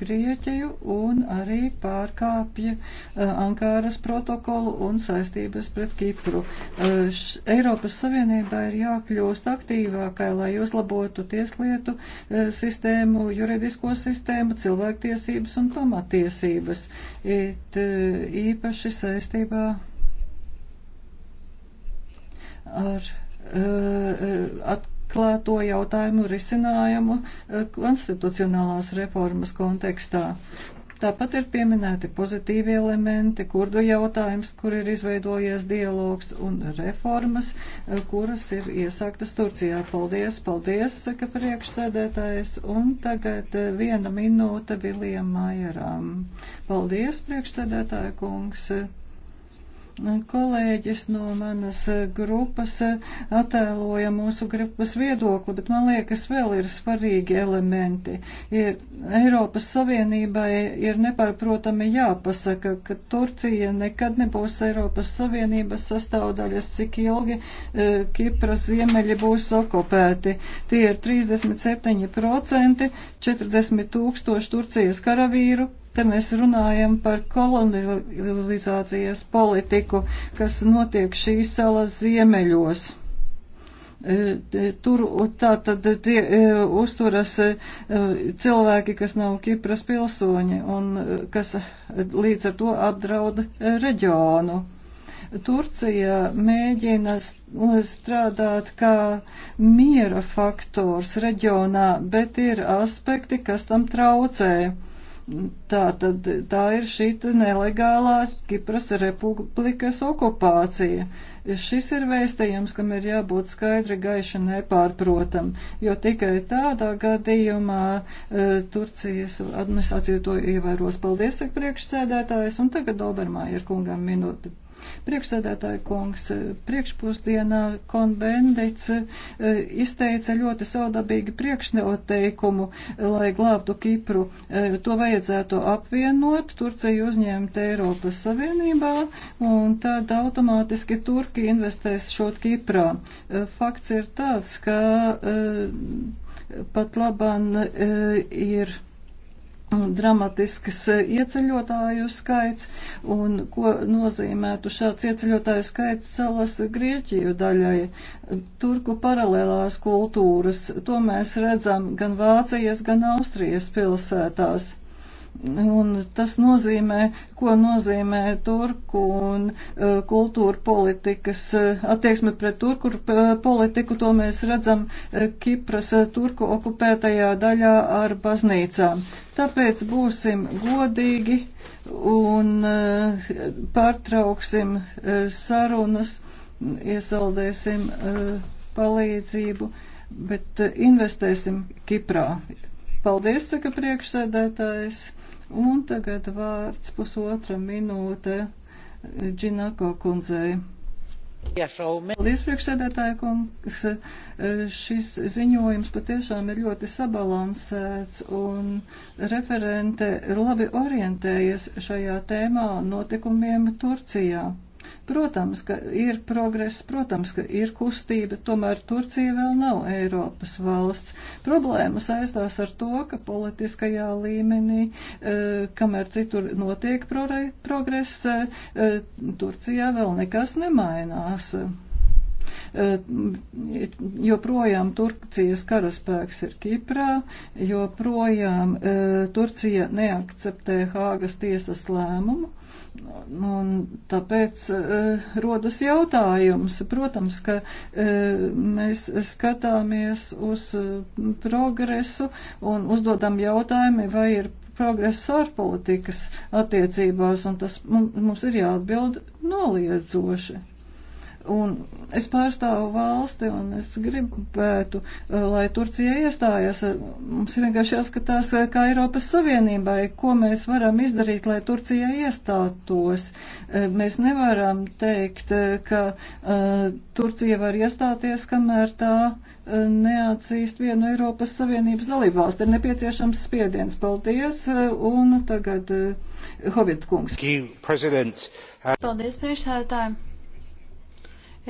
Grieķiju un arī pārkāpja eh, Ankāras protokolu un saistības pret Kipru. Eiropas Savienībā ir jākļūst aktīvākai, lai uzlabotu tieslietu sistēmu, juridisko sistēmu, cilvēktiesības un pamatiesības. It īpaši saistībā ar e, e, atklāto jautājumu risinājumu e, konstitucionālās reformas kontekstā. Tāpat ir pieminēti pozitīvi elementi, kurdu jautājums, kur ir izveidojies dialogs un reformas, kuras ir iesāktas Turcijā. Paldies, paldies, saka priekšsēdētājs. Un tagad viena minūte Viljam Majeram. Paldies, priekšsēdētāja kungs kolēģis no manas grupas attēloja mūsu grupas viedokli, bet man liekas, vēl ir svarīgi elementi. Ir, Eiropas Savienībai ir nepārprotami jāpasaka, ka Turcija nekad nebūs Eiropas Savienības sastāvdaļas, cik ilgi e, Kipras ziemeļi būs okupēti. Tie ir 37%, 40 tūkstoši Turcijas karavīru, Te mēs runājam par kolonizācijas politiku, kas notiek šīs salas ziemeļos. E, tur tā tad tie e, uzturas e, cilvēki, kas nav Kipras pilsoņi un kas līdz ar to apdrauda reģionu. Turcija mēģina strādāt kā miera faktors reģionā, bet ir aspekti, kas tam traucē. Tā tad tā ir šī nelegālā Kipras republikas okupācija. Šis ir vēstījums, kam ir jābūt skaidri gaiši nepārprotam, jo tikai tādā gadījumā e, Turcijas administrācija to ievēros. Paldies, saka priekšsēdētājs, un tagad Dobermā ir kungam minūte. Priekšsēdētāja kungs, priekšpusdienā konbendits eh, izteica ļoti saudabīgi priekšneoteikumu, lai glābtu Kipru. Eh, to vajadzētu apvienot, Turciju uzņemt Eiropas Savienībā, un tad automātiski Turki investēs šot Kiprā. Eh, fakts ir tāds, ka pat labam ir dramatisks e, ieceļotāju skaits un ko nozīmētu šāds ieceļotāju skaits salas Grieķiju daļai. Turku paralēlās kultūras, to mēs redzam gan Vācijas, gan Austrijas pilsētās. Un tas nozīmē, ko nozīmē turku un uh, kultūra politikas uh, attieksme pret turku e, politiku, to mēs redzam uh, Kipras uh, turku okupētajā daļā ar baznīcām. Tāpēc būsim godīgi un uh, pārtrauksim uh, sarunas, iesaldēsim uh, palīdzību, bet uh, investēsim Kiprā. Paldies, saka priekšsēdētājs. Un tagad vārds pusotra minūte Džinako kundzei. Paldies, priekšsēdētāja kungs. Šis ziņojums patiešām ir ļoti sabalansēts un referente labi orientējies šajā tēmā notikumiem Turcijā. Protams, ka ir progress, protams, ka ir kustība, tomēr Turcija vēl nav Eiropas valsts. Problēma saistās ar to, ka politiskajā līmenī, e, kamēr citur notiek progress, e, Turcijā vēl nekas nemainās e, joprojām Turcijas karaspēks ir Kiprā, joprojām Turcija neakceptē Hāgas tiesas lēmumu, Nu, un tāpēc uh, rodas jautājums, protams, ka uh, mēs skatāmies uz uh, progresu un uzdodam jautājumi, vai ir progress ārpolitikas attiecībās, un tas mums ir jāatbild noliedzoši. Un es pārstāvu valsti un es gribētu, eh, lai Turcija iestājas. Mums ir vienkārši jāskatās, eh, kā Eiropas Savienībai, ko mēs varam izdarīt, lai Turcija iestātos. Eh, mēs nevaram teikt, ka Turcija var iestāties, kamēr tā neatzīst vienu Eiropas Savienības dalību valsti. Ir nepieciešams spiediens. Paldies. Un tagad Hobbit kungs. Paldies, priekšsēdētāji.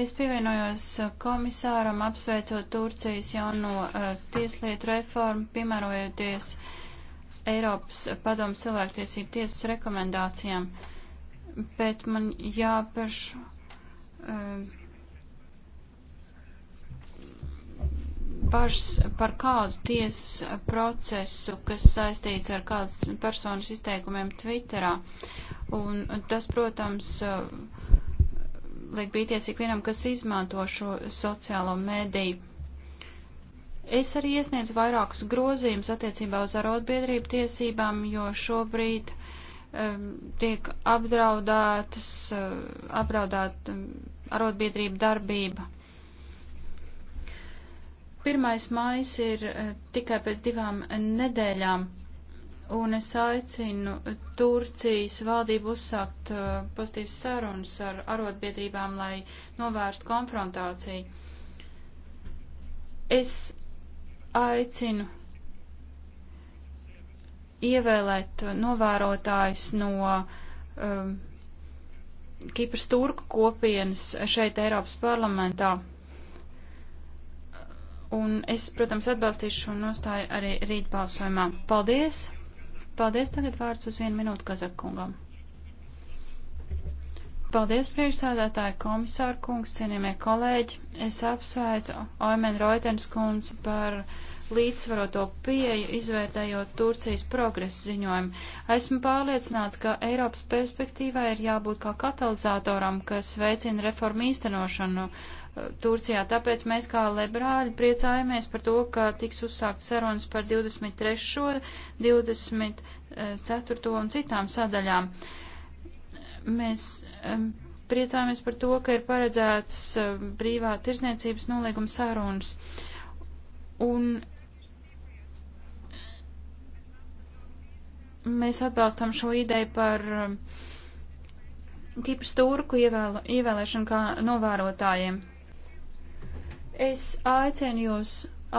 Es pievienojos komisāram apsveicot Turcijas jauno uh, tieslietu reformu, piemērojoties Eiropas padomu cilvēktiesību tiesas rekomendācijām, bet man jāpērš. Uh, e, bažas par kādu tiesas procesu, kas saistīts ar kādas personas izteikumiem Twitterā. Un tas, protams, uh, liek bīties ikvienam, kas izmanto šo sociālo mediju. Es arī iesniedzu vairākus grozījumus attiecībā uz arotbiedrību tiesībām, jo šobrīd um, tiek apdraudētas, uh, apdraudēt um, arotbiedrību darbība. Pirmais mājas ir uh, tikai pēc divām nedēļām un es aicinu Turcijas valdību uzsākt uh, pozitīvas sarunas ar arotbiedrībām, lai novērstu konfrontāciju. Es aicinu ievēlēt novērotājs no um, Kipras turku kopienas šeit Eiropas parlamentā. Un es, protams, atbalstīšu šo nostāju arī rīt balsojumā. Paldies! Paldies tagad vārds uz vienu minūtu Kazakungam. Paldies, priekšsādātāji, komisāra kungs, cienījamie kolēģi. Es apsveicu Oimen Roitens kungs par līdzsvaroto pieeju, izvērtējot Turcijas progresu ziņojumu. Esmu pārliecināts, ka Eiropas perspektīvai ir jābūt kā katalizatoram, kas veicina reformu īstenošanu Turcijā. Tāpēc mēs kā liberāļi priecājamies par to, ka tiks uzsākt sarunas par 23., 24. Eh, un citām sadaļām. Mēs um, priecājamies par to, ka ir paredzētas um, brīvā tirzniecības nolīguma sarunas. Un mēs atbalstam šo ideju par um, Kipras turku ievēl, ievēlēšanu kā novērotājiem. Es aicinu jūs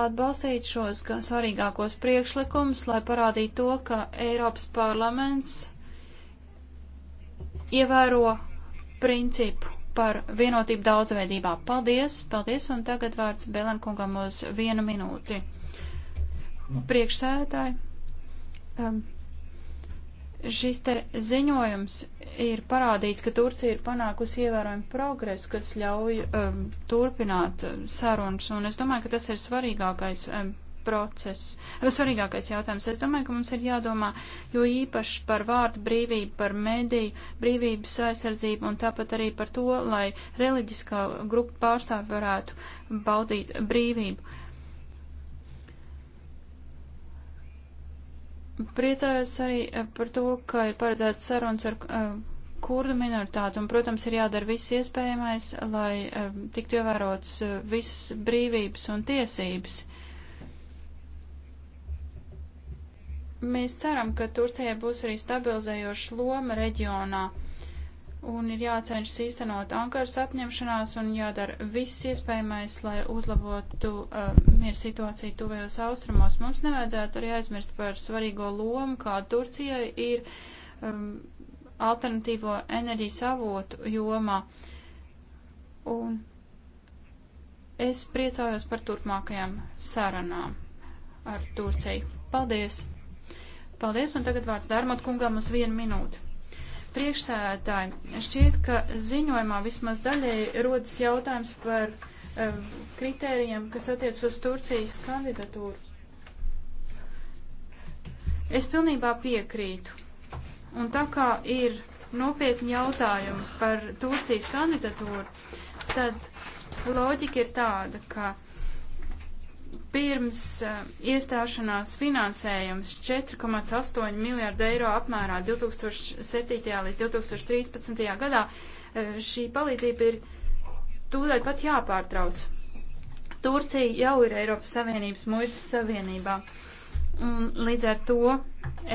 atbalstīt šos svarīgākos priekšlikumus, lai parādītu to, ka Eiropas parlaments ievēro principu par vienotību daudzveidībā. Paldies, paldies, un tagad vārds Belenkungam uz vienu minūti. Priekšsēdētāji. Um, Šis te ziņojums ir parādījis, ka Turcija ir panākusi ievērojumu progresu, kas ļauj um, turpināt um, sarunas, un es domāju, ka tas ir svarīgākais um, process, um, svarīgākais jautājums. Es domāju, ka mums ir jādomā jo īpaši par vārdu brīvību, par mediju brīvības aizsardzību un tāpat arī par to, lai reliģiskā grupa pārstāvi varētu baudīt brīvību. Priecājos arī eh, par to, ka ir paredzēts sarunas ar eh, kurdu minoritāti, un, protams, ir jādara viss iespējamais, lai eh, tiktu ievērots viss brīvības un tiesības. Mēs ceram, ka Turcijai būs arī stabilizējoša loma reģionā un ir jācenšas īstenot Ankaras apņemšanās un jādara viss iespējamais, lai uzlabotu uh, mieru situāciju tuvējos austrumos. Mums nevajadzētu arī aizmirst par svarīgo lomu, kā Turcijai ir um, alternatīvo enerģijas avotu jomā. Un es priecājos par turpmākajām sarunām ar Turciju. Paldies! Paldies, un tagad vārds Dārmot kungam uz vienu minūti. Priekšsēdētāji, šķiet, ka ziņojumā vismaz daļēji rodas jautājums par um, kritērijiem, kas attiec uz Turcijas kandidatūru. Es pilnībā piekrītu. Un tā kā ir nopietni jautājumi par Turcijas kandidatūru, tad loģika ir tāda, ka Pirms uh, iestāšanās finansējums 4,8 miljārdu eiro apmērā 2007. līdz 2013. gadā uh, šī palīdzība ir tūlīt pat jāpārtrauc. Turcija jau ir Eiropas Savienības muitas savienībā. Un līdz ar to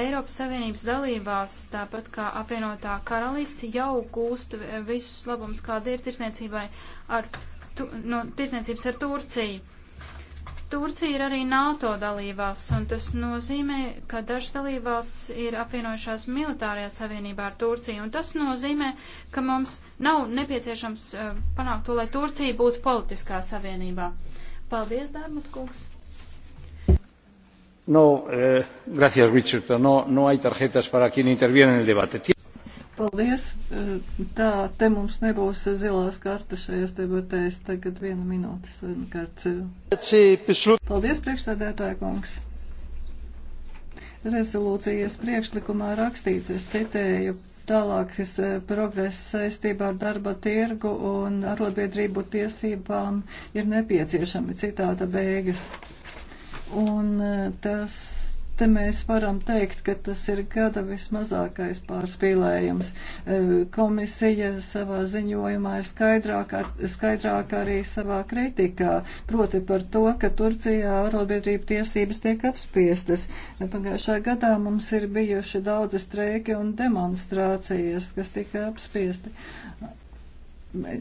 Eiropas Savienības dalībās, tāpat kā apvienotā karalisti, jau gūst visus labumus, kāda ir tirsniecībai ar, tu, no tirsniecības ar Turciju. Turcija ir arī NATO dalībvalsts, un tas nozīmē, ka dažas dalībvalsts ir apvienojušās militārajā savienībā ar Turciju, un tas nozīmē, ka mums nav nepieciešams uh, panākt to, lai Turcija būtu politiskā savienībā. Paldies, Dārmut kungs! No, eh, gracias, Richard, pero no, no hay tarjetas para quien interviene en el debate. Paldies. Tā, te mums nebūs zilās kartas šajās debatēs. Tagad viena minūtes viena karts. Paldies, priekšstādētāja kungs. Rezolūcijas priekšlikumā rakstīts, es citēju, tālākas eh, progress saistībā ar darba tirgu un arotbiedrību tiesībām ir nepieciešami citāta beigas. Un eh, tas te mēs varam teikt, ka tas ir gada vismazākais pārspīlējums. E, komisija savā ziņojumā ir skaidrāk, skaidrāk arī savā kritikā, proti par to, ka Turcijā arotbiedrība tiesības tiek apspiestas. E, pagājušā gadā mums ir bijuši daudzi streiki un demonstrācijas, kas tika apspiesti. E,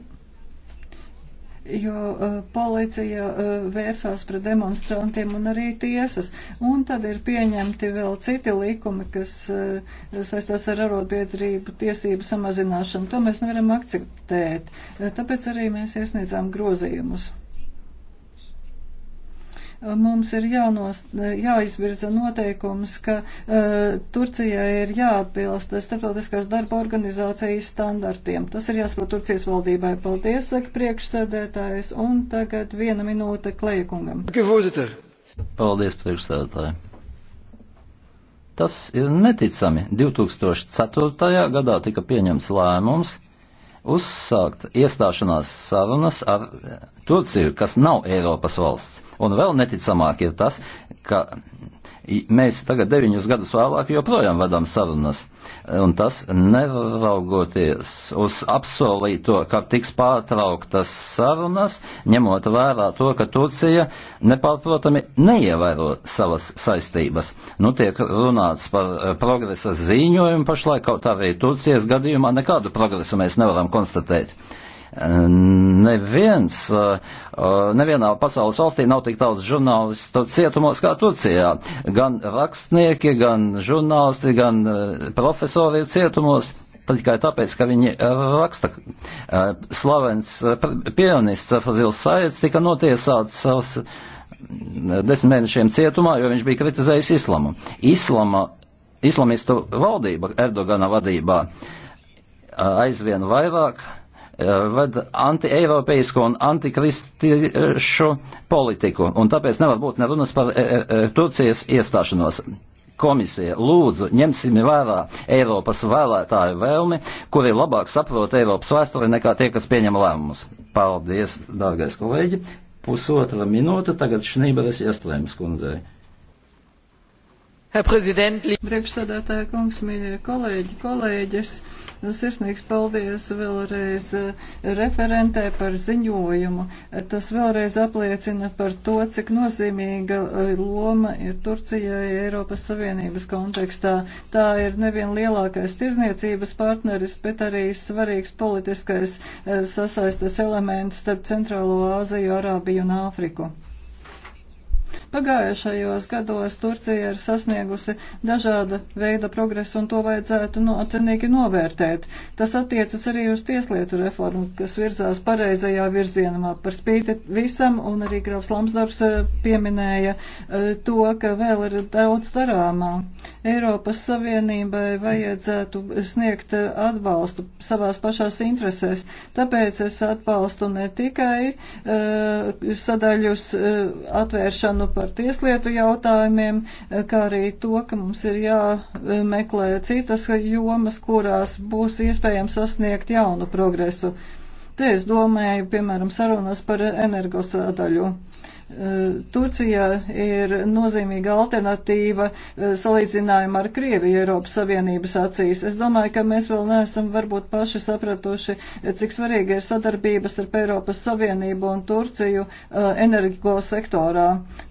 jo uh, policija uh, vērsās pret demonstrantiem un arī tiesas. Un tad ir pieņemti vēl citi likumi, kas uh, saistās ar arotbiedrību tiesību samazināšanu. To mēs nevaram akceptēt. Uh, tāpēc arī mēs iesniedzām grozījumus. Mums ir jānos, jāizvirza noteikums, ka uh, Turcijai ir jāatbilst starptautiskās darba organizācijas standartiem. Tas ir jāsaprot Turcijas valdībai. Paldies, saka priekšsēdētājs. Un tagad viena minūte Klejkungam. Paldies, priekšsēdētāji. Tas ir neticami. 2004. gadā tika pieņemts lēmums uzsākt iestāšanās sarunas ar Turciju, kas nav Eiropas valsts. Un vēl neticamāk ir tas, ka mēs tagad deviņus gadus vēlāk joprojām vadām sarunas, un tas neraugoties uz apsolīto, ka tiks pārtrauktas sarunas, ņemot vērā to, ka Turcija nepārprotami neievēro savas saistības. Nu tiek runāts par eh, progresa ziņojumu pašlaik, kaut arī Turcijas gadījumā nekādu progresu mēs nevaram konstatēt. Neviens, eh, eh, nevienā pasaules valstī nav tik daudz žurnālistu cietumos kā Turcijā. Gan rakstnieki, gan žurnālisti, gan eh, profesori ir cietumos tikai tāpēc, ka viņi raksta. Slavens pionists Fazils Saits tika notiesāts savus mm, desmit mēnešiem cietumā, jo viņš bija kritizējis islamu. Islama, islamistu valdība Erdogana vadībā aizvien vairāk Eh, ved anti-eiropeisko un antikristiešu politiku, un tāpēc nevar būt nerunas par eh, eh, Turcijas iestāšanos komisija, lūdzu, ņemsim vērā Eiropas vēlētāju vēlmi, kuri labāk saprot Eiropas vēsturi nekā tie, kas pieņem lēmumus. Paldies, dārgais kolēģi! Pusotra minūte tagad Šnīberes iestrēmas kundzei. Priekšsēdētāja kungs, mīļie kolēģi, kolēģis, sirsnīgs paldies vēlreiz eh, referentē par ziņojumu. Tas vēlreiz apliecina par to, cik nozīmīga eh, loma ir Turcijai Eiropas Savienības kontekstā. Tā ir nevien lielākais tirzniecības partneris, bet arī svarīgs politiskais eh, sasaistes elements starp Centrālo Āziju, Arābiju un Āfriku. Pagājušajos gados Turcija ir sasniegusi dažāda veida progresu un to vajadzētu no, nu, cenīgi novērtēt. Tas attiecas arī uz tieslietu reformu, kas virzās pareizajā virzienā par spīti visam un arī Grafs Lamsdarbs eh, pieminēja eh, to, ka vēl ir daudz darāmā. Eiropas Savienībai vajadzētu sniegt eh, atbalstu savās pašās interesēs. Tāpēc es atbalstu ne tikai uh, sadaļus uh, atvēršanu par tieslietu jautājumiem, kā arī to, ka mums ir jāmeklē citas jomas, kurās būs iespējams sasniegt jaunu progresu. Te es domāju, piemēram, sarunas par energosādaļu. Turcija ir nozīmīga alternatīva e, salīdzinājumā ar Krieviju Eiropas Savienības acīs. Es domāju, ka mēs vēl neesam varbūt paši sapratuši, e, cik svarīga ir sadarbība starp Eiropas Savienību un Turciju e, energo sektorā.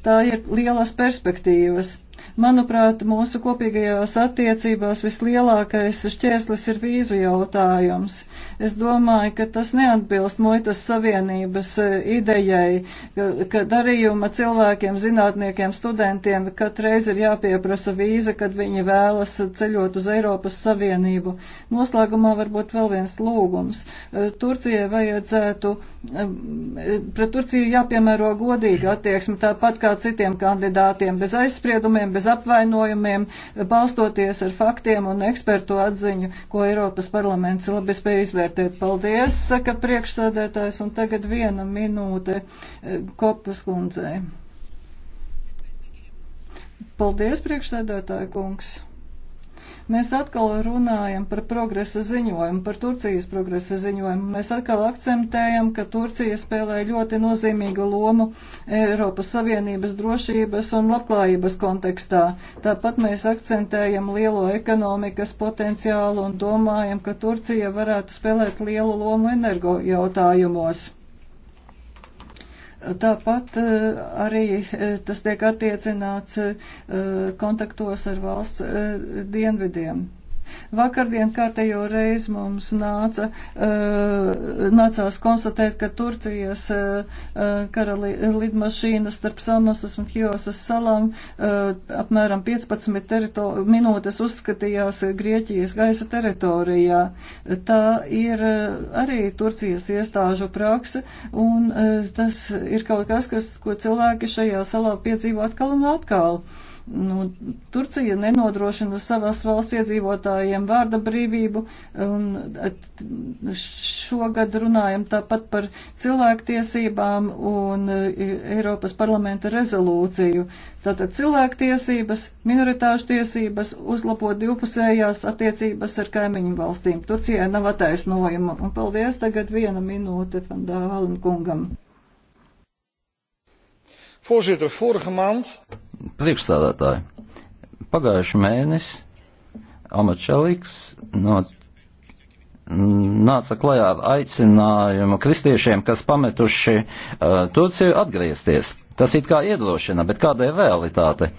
Tā ir lielas perspektīvas. Manuprāt, mūsu kopīgajās attiecībās vislielākais šķērslis ir vīzu jautājums. Es domāju, ka tas neatbilst muitas savienības e, idejai, ka, ka darījuma cilvēkiem, zinātniekiem, studentiem katreiz ir jāpieprasa vīza, kad viņi vēlas ceļot uz Eiropas Savienību. Noslēgumā varbūt vēl viens lūgums. E, Turcijai vajadzētu, e, pret Turciju jāpiemēro godīga attieksme, tāpat kā citiem kandidātiem, bez aizspriedumiem, bez bez apvainojumiem, balstoties ar faktiem un ekspertu atziņu, ko Eiropas parlaments labi spēja izvērtēt. Paldies, saka priekšsēdētājs, un tagad viena minūte eh, kopas kundzei. Paldies, priekšsēdētāja kungs. Mēs atkal runājam par progresa ziņojumu, par Turcijas progresa ziņojumu. Mēs atkal akcentējam, ka Turcija spēlē ļoti nozīmīgu lomu Eiropas Savienības drošības un labklājības kontekstā. Tāpat mēs akcentējam lielo ekonomikas potenciālu un domājam, ka Turcija varētu spēlēt lielu lomu energo jautājumos. Tāpat eh, arī eh, tas tiek attiecināts eh, kontaktos ar valsts dienvidiem. Vakardien kārtējo reizi mums nāca, eh, nācās konstatēt, ka Turcijas eh, kara lidmašīna starp Samosas un Hiosas salām eh, apmēram 15 minūtes uzskatījās Grieķijas gaisa teritorijā. Tā ir arī Turcijas iestāžu prakse, un tas ir kaut kas, kas, ko cilvēki šajā salā piedzīvo atkal un atkal. Uh, Nu, Turcija nenodrošina savas valsts iedzīvotājiem vārda brīvību, un šogad runājam tāpat par cilvēktiesībām un e, Eiropas parlamenta rezolūciju. Tātad cilvēktiesības, minoritāšu tiesības, uzlabot divpusējās attiecības ar kaimiņu valstīm. Turcijai nav attaisnojuma. Un paldies tagad viena minūte Fandālim kungam. Voorzitter, vorige maand priekšstādātāji. Pagājuši mēnesi Amačeliks no nāca klajā ar aicinājumu kristiešiem, kas pametuši uh, Turciju, atgriezties. Tas it kā iedrošina, bet kāda ir realitāte?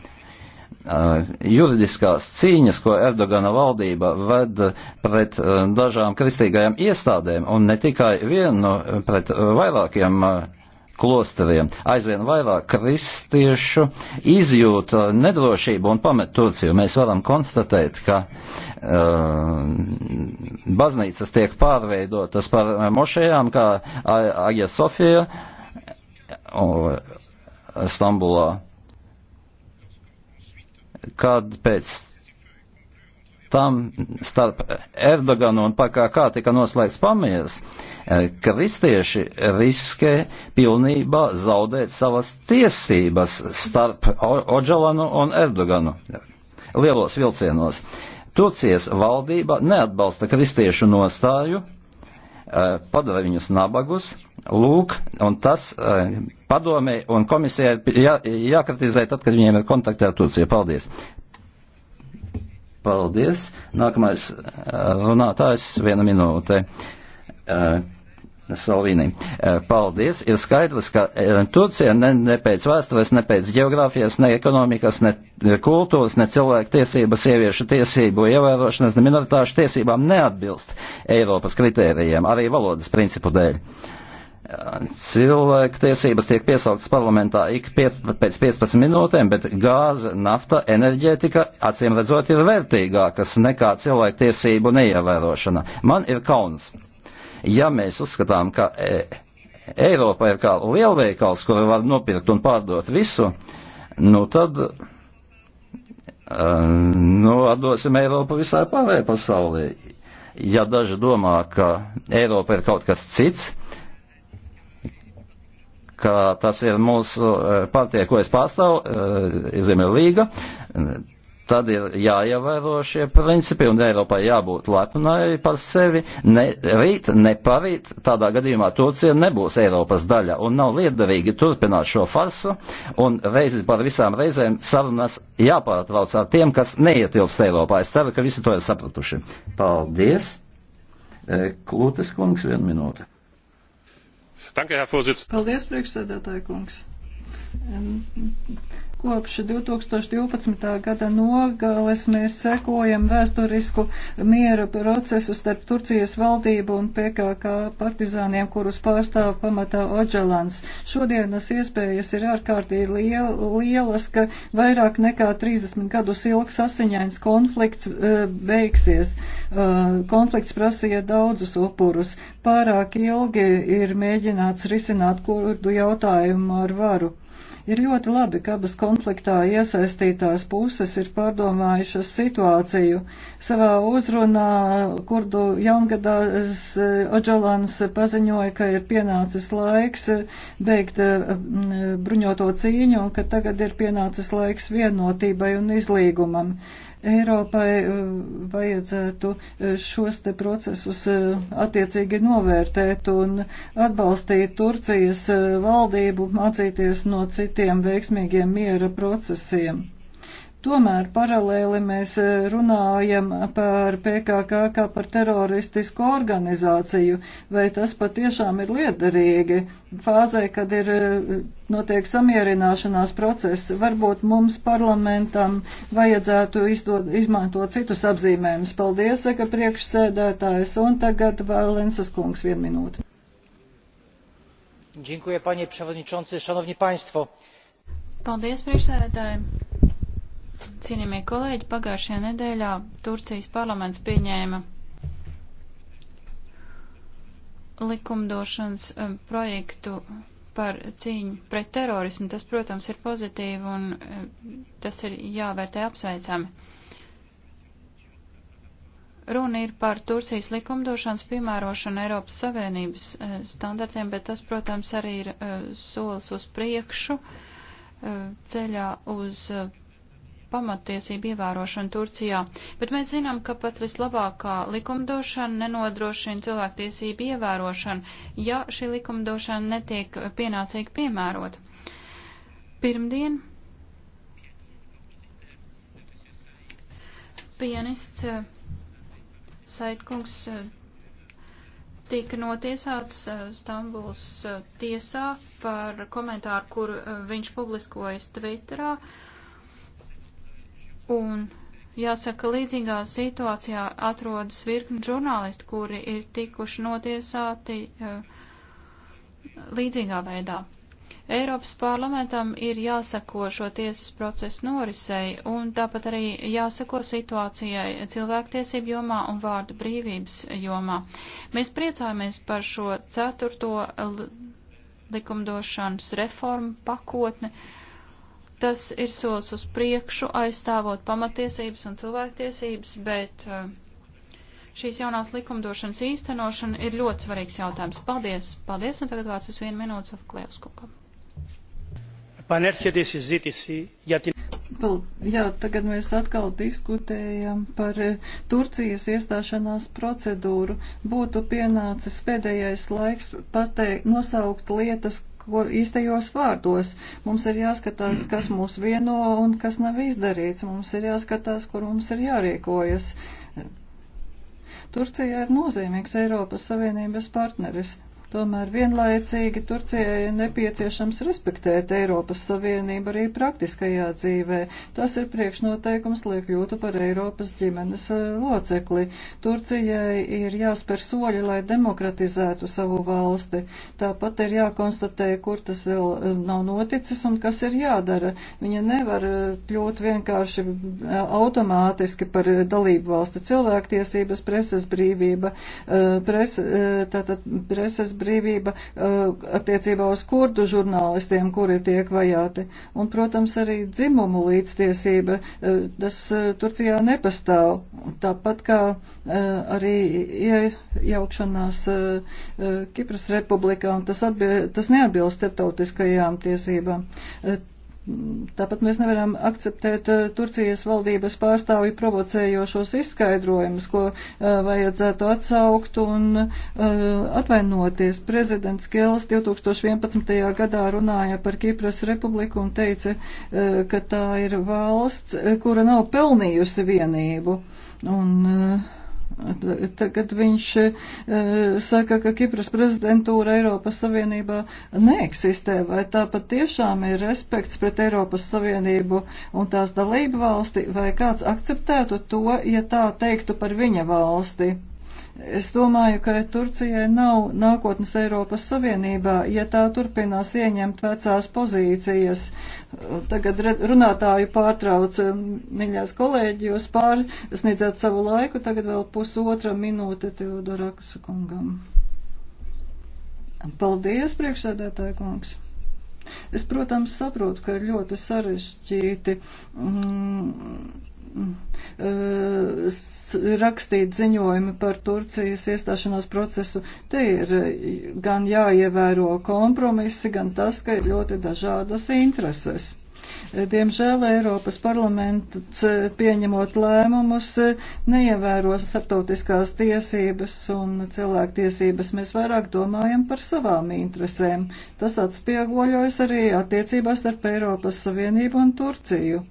Uh, juridiskās cīņas, ko Erdogana valdība ved pret uh, dažām kristīgajām iestādēm, un ne tikai vienu, uh, pret uh, vairākiem uh, klosteriem. Aizvien vairāk kristiešu izjūta nedrošību un pamet Turciju. Mēs varam konstatēt, ka uh, baznīcas tiek pārveidotas par uh, mošējām, kā Aja Sofija uh, Stambulā. Kad pēc tam starp Erdoganu un PKK tika noslēgts pamieris, uh, Eh, kristieši riskē pilnībā zaudēt savas tiesības starp Oģelanu un Erdoganu lielos vilcienos. Turcijas valdība neatbalsta kristiešu nostāju, eh, padara viņus nabagus, lūk, un tas eh, padomē un komisijai jā, jākritizē tad, kad viņiem ir kontakti ar Turciju. Paldies! Paldies! Nākamais runātājs viena minūte. Uh, Salvīnī. Uh, paldies! Ir skaidrs, ka uh, Turcija ne, ne pēc vēstures, ne pēc geogrāfijas, ne ekonomikas, ne kultūras, ne cilvēku tiesību, sieviešu tiesību ievērošanas, ne minoritāšu tiesībām neatbilst Eiropas kritērijiem, arī valodas principu dēļ. Uh, cilvēku tiesības tiek piesauktas parlamentā ik piec, pēc 15 minūtēm, bet gāze, nafta, enerģētika acīm redzot ir vērtīgākas nekā cilvēku tiesību neievērošana. Man ir kauns Ja mēs uzskatām, ka e, Eiropa ir kā lielveikals, kur var nopirkt un pārdot visu, nu tad e, nu, atdosim Eiropu visai pārējai pasaulē. Ja daži domā, ka Eiropa ir kaut kas cits, ka tas ir mūsu e, partija, ko es pārstāvu, e, Ziemeļlīga, tad ir jāievēro šie principi un Eiropai jābūt lepnai par sevi. Ne, rīt, ne parīt, tādā gadījumā Turcija nebūs Eiropas daļa un nav liederīgi turpināt šo farsu un reizes par visām reizēm sarunas jāpārtrauc ar tiem, kas neietilpst Eiropā. Es ceru, ka visi to ir sapratuši. Paldies! E, Klūtes kungs, viena minūte. Danke, Herr Vorsitz. Paldies, priekšsēdētāji kungs. Um, Kopš 2012. gada nogales mēs sekojam vēsturisku miera procesu starp Turcijas valdību un PKK partizāniem, kurus pārstāv pamatā Oģelans. Šodienas iespējas ir ārkārtīgi liel, lielas, ka vairāk nekā 30 gadus ilgs asiņains konflikts uh, beigsies. Uh, konflikts prasīja daudzus upurus. Pārāk ilgi ir mēģināts risināt kurdu jautājumu ar varu. Ir ļoti labi, ka abas konfliktā iesaistītās puses ir pārdomājušas situāciju. Savā uzrunā kurdu jaungadās eh, Oģolans paziņoja, ka ir pienācis laiks eh, beigt eh, bruņoto cīņu un ka tagad ir pienācis laiks vienotībai un izlīgumam. Eiropai eh, vajadzētu eh, šos te procesus eh, attiecīgi novērtēt un atbalstīt Turcijas valdību mācīties no citiem veiksmīgiem miera procesiem. Tomēr paralēli mēs e, runājam par PKK kā par teroristisku organizāciju, vai tas patiešām ir liederīgi fāzē, kad ir e, notiek samierināšanās process. Varbūt mums parlamentam vajadzētu izdod, izmantot citus apzīmējumus. Paldies, saka priekšsēdētājs, un tagad Valensas kungs vienu minūti. Dziękuję, panie przewodniczący, szanowni państwo. Paldies, priekšsēdētāji. Cienījamie kolēģi, pagājušajā nedēļā Turcijas parlaments pieņēma likumdošanas eh, projektu par cīņu pret terorismu. Tas, protams, ir pozitīvi un eh, tas ir jāvērtē apsveicami. Runa ir par Turcijas likumdošanas piemērošanu Eiropas Savienības eh, standartiem, bet tas, protams, arī ir solis uz priekšu ceļā uz pamatiesību ievērošanu Turcijā, bet mēs zinām, ka pat vislabākā likumdošana nenodrošina cilvēktiesību ievērošanu, ja šī likumdošana netiek pienācīgi piemērota. Pirmdien pianists eh, Saitkungs eh, tika notiesāts eh, Stambuls tiesā par komentāru, kur viņš publiskojas Twitterā. Uh, Un jāsaka, līdzīgā situācijā atrodas virkni žurnālisti, kuri ir tikuši notiesāti eh, līdzīgā veidā. Eiropas parlamentam ir jāsako šo tiesas procesu norisei un tāpat arī jāsako situācijai cilvēktiesību jomā un vārdu brīvības jomā. Mēs priecājamies par šo ceturto likumdošanas reformu pakotni. Uh, Tas ir solis uz priekšu, aizstāvot pamatiesības un cilvēktiesības, bet eh, šīs jaunās likumdošanas īstenošana ir ļoti svarīgs jautājums. Paldies! Paldies! Un tagad vārds uz vienu minūtu Sofklēvs kukam. Jā, tagad mēs atkal diskutējam par eh, Turcijas iestāšanās procedūru. Būtu pienācis pēdējais laiks pateikt, nosaukt lietas, īstajos vārdos. Mums ir jāskatās, kas mūs vieno un kas nav izdarīts. Mums ir jāskatās, kur mums ir jārīkojas. Turcija ir nozīmīgs Eiropas Savienības partneris. Tomēr vienlaicīgi Turcijai nepieciešams respektēt Eiropas Savienību arī praktiskajā dzīvē. Tas ir priekšnoteikums, lai kļūtu par Eiropas ģimenes eh, locekli. Turcijai ir jāspēr soļi, lai demokratizētu savu valsti. Tāpat ir jākonstatē, kur tas vēl eh, nav noticis un kas ir jādara. Viņa nevar eh, kļūt vienkārši automātiski par dalību valsti. Cilvēktiesības, preses brīvība, pres, tātad preses brīvība brīvība eh, attiecībā uz kurdu žurnālistiem, kuri tiek vajāti. Un, protams, arī dzimumu līdztiesība, eh, tas eh, Turcijā nepastāv. Tāpat kā arī iejaukšanās Kipras republikā, un tas, atbil, tas neatbilst starptautiskajām tiesībām. Tāpat mēs nevaram akceptēt eh, Turcijas valdības pārstāvju provocējošos izskaidrojumus, ko eh, vajadzētu atsaukt un eh, atvainoties. Prezidents Gēls 2011. gadā runāja par Kipras republiku un teica, ka tā ir valsts, kura nav pelnījusi vienību. Un, uh, Tagad viņš eh, saka, ka Kipras prezidentūra Eiropas Savienībā neeksistē, vai tā pat tiešām ir respekts pret Eiropas Savienību un tās dalību valsti, vai kāds akceptētu to, ja tā teiktu par viņa valsti. Es domāju, ka Turcijai nav nākotnes Eiropas Savienībā, ja tā turpinās ieņemt vecās pozīcijas. Tagad runātāju pārtrauc, miļās um, kolēģi, jūs pārsniedzāt savu laiku, tagad vēl pusotra minūte Teodorakus kungam. Paldies, priekšsēdētāja kungs! Es, protams, saprotu, ka ļoti sarežģīti. Mm, rakstīt ziņojumi par Turcijas iestāšanās procesu. Te ir eh, gan jāievēro kompromisi, gan tas, ka ir ļoti dažādas intereses. Eh, diemžēl Eiropas parlaments eh, pieņemot lēmumus neievēro starptautiskās tiesības un cilvēktiesības. Mēs vairāk domājam par savām interesēm. Tas atspiegoļojas arī attiecībās starp Eiropas Savienību un Turciju.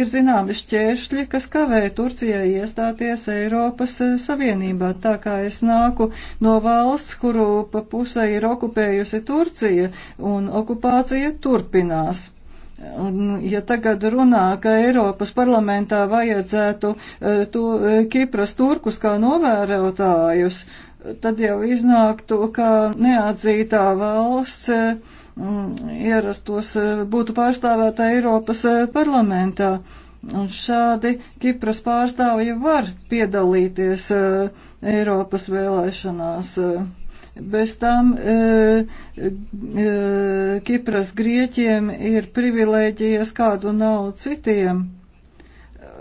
Ir zināmi šķēršļi, kas kavē Turcijai iestāties Eiropas eh, Savienībā. Tā kā es nāku no valsts, kuru pa pusē ir okupējusi Turcija, un okupācija turpinās. Un, ja tagad runā, ka Eiropas parlamentā vajadzētu eh, tu, eh, Kipras turkus kā novērotājus, tad jau iznāktu, ka neatzītā valsts ierastos, e, būtu pārstāvēta Eiropas e, parlamentā. Un šādi Kipras pārstāvji var piedalīties e, Eiropas vēlēšanās. Bez tam e, e, Kipras grieķiem ir privilēģijas, kādu nav citiem.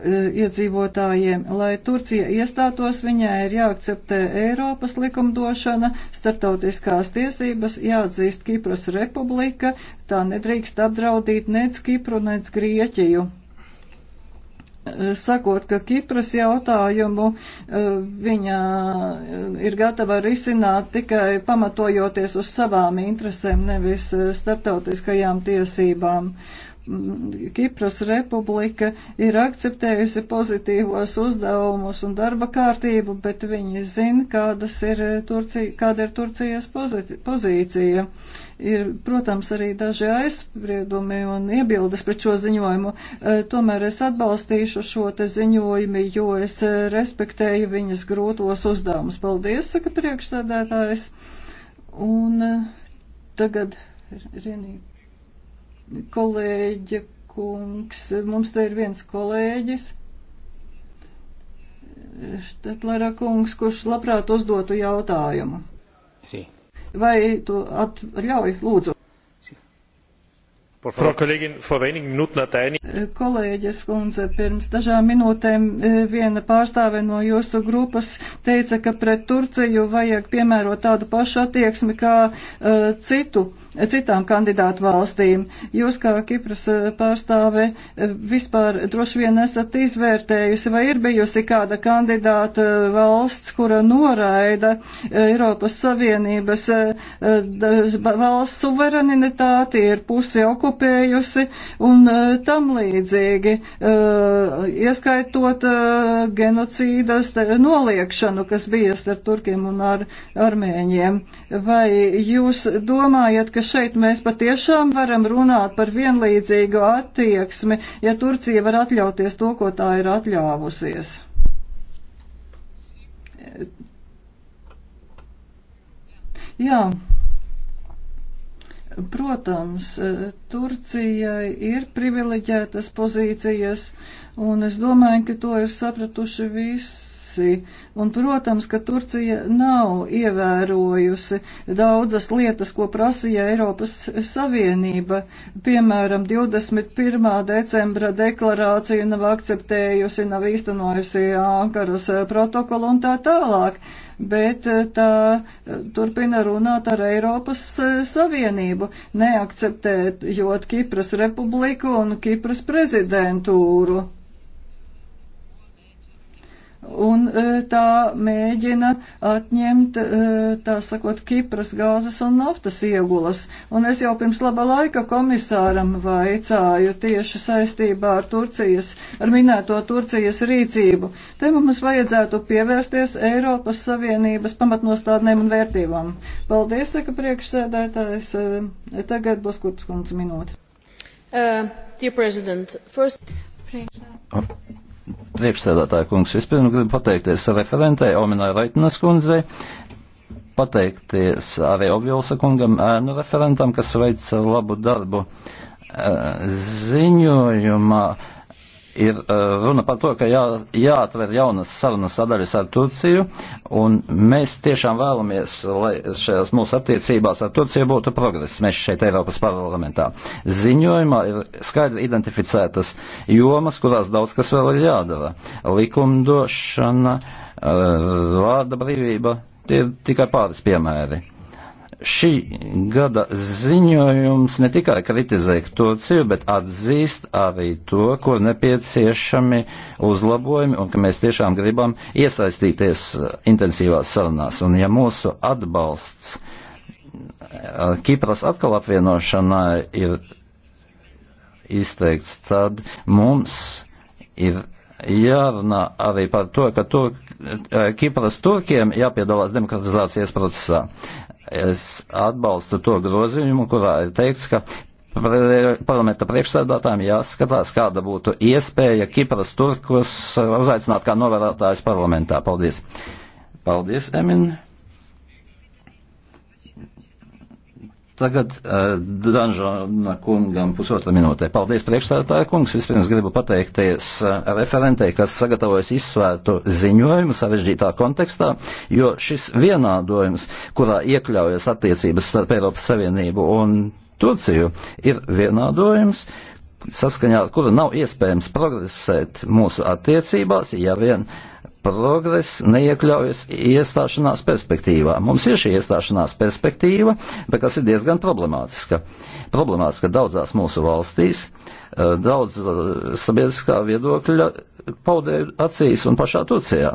E, iedzīvotājiem. Lai Turcija iestātos, viņai ir jāakceptē Eiropas likumdošana, starptautiskās tiesības, jāatzīst Kipras republika, tā nedrīkst apdraudīt nec Kipru, nec Grieķiju e, sakot, ka Kipras jautājumu e, viņa ir gatava risināt tikai pamatojoties uz savām interesēm, nevis starptautiskajām tiesībām. Kipras republika ir akceptējusi pozitīvos uzdevumus un darba kārtību, bet viņi zina, kādas ir Turcija, kāda ir Turcijas pozīcija. Ir, protams, arī daži aizspriedumi un iebildes pret šo ziņojumu. Eh, tomēr es atbalstīšu šo te ziņojumu, jo es eh, respektēju viņas grūtos uzdevumus. Paldies, saka priekšsēdētājs. Un eh, tagad ir, ir, ir, kolēģa kungs, mums te ir viens kolēģis. Štetlera kungs, kurš labprāt uzdotu jautājumu. Sí. Vai tu atļauj, lūdzu? Frau Kollegin, vor wenigen Minuten hat eine Kolēģis kundze pirms dažām minūtēm eh, viena pārstāve no jūsu grupas teica, ka pret Turciju vajag piemērot tādu pašu attieksmi kā uh, citu citām kandidātu valstīm. Jūs kā Kipras eh, pārstāve eh, vispār droši vien esat izvērtējusi, vai ir bijusi kāda kandidāta eh, valsts, kura noraida Eiropas Savienības valsts suverenitāti, ir pusi okupējusi un tam līdzīgi, ieskaitot genocīdas noliekšanu, kas bija starp turkiem un ar armēņiem. Vai jūs domājat, ka ka šeit mēs patiešām varam runāt par vienlīdzīgu attieksmi, ja Turcija var atļauties to, ko tā ir atļāvusies. Jā. Protams, Turcijai ir privileģētas pozīcijas, un es domāju, ka to ir sapratuši visi bijusi. Un, protams, ka Turcija nav ievērojusi daudzas lietas, ko prasīja Eiropas Savienība. Piemēram, 21. decembra deklarācija nav akceptējusi, nav īstenojusi Ankaras protokolu un tā tālāk bet eh, tā eh, turpina runāt ar Eiropas eh, Savienību, neakceptējot Kipras republiku un Kipras prezidentūru un e, tā mēģina atņemt, e, tā sakot, Kipras gāzes un naftas iegulas. Un es jau pirms laba laika komisāram vaicāju tieši saistībā ar Turcijas, ar minēto Turcijas rīcību. Te mums vajadzētu pievērsties Eiropas Savienības pamatnostādnēm un vērtībām. Paldies, saka priekšsēdētājs. E, tagad būs kurts kundze minūte. Uh, dear President, first... Priekšsēdētājs priekšstādātāja kungs. Vispirms gribu pateikties referentei Ominai Raitinas kundzei, pateikties arī Obvilsa kungam, ēnu referentam, kas veica labu darbu ziņojumā ir uh, runa par to, ka jā, jāatver jaunas sarunas sadaļas ar Turciju, un mēs tiešām vēlamies, lai šajās mūsu attiecībās ar Turciju būtu progress. Mēs šeit Eiropas parlamentā ziņojumā ir skaidri identificētas jomas, kurās daudz kas vēl ir jādara. Likumdošana, uh, vārda brīvība, tie ir tikai pāris piemēri šī gada ziņojums ne tikai kritizē Turciju, bet atzīst arī to, kur nepieciešami uzlabojumi un ka mēs tiešām gribam iesaistīties intensīvās sarunās. Un ja mūsu atbalsts Kipras atkal apvienošanai ir izteikts, tad mums ir jārunā arī par to, ka tur Kipras turkiem jāpiedalās demokratizācijas procesā. Es atbalstu to grozījumu, kurā ir teikts, ka parlamenta priekšsēdātājiem jāskatās, kāda būtu iespēja Kipras turkus uzaicināt kā novērotājus parlamentā. Paldies! Paldies, Emin! Tagad uh, eh, Danžona kungam pusotra minūtē. Paldies, priekšstādātāja kungs. Vispirms gribu pateikties uh, referentei, kas sagatavojas izsvērtu ziņojumu sarežģītā kontekstā, jo šis vienādojums, kurā iekļaujas attiecības starp Eiropas Savienību un Turciju, ir vienādojums, saskaņā ar kuru nav iespējams progresēt mūsu attiecībās, ja vien uh, progress neiekļaujas iestāšanās perspektīvā. Mums ir šī iestāšanās perspektīva, bet kas ir diezgan problemātiska. Problemātiska daudzās mūsu valstīs, eh, daudz eh, sabiedriskā viedokļa paudē acīs un pašā Turcijā.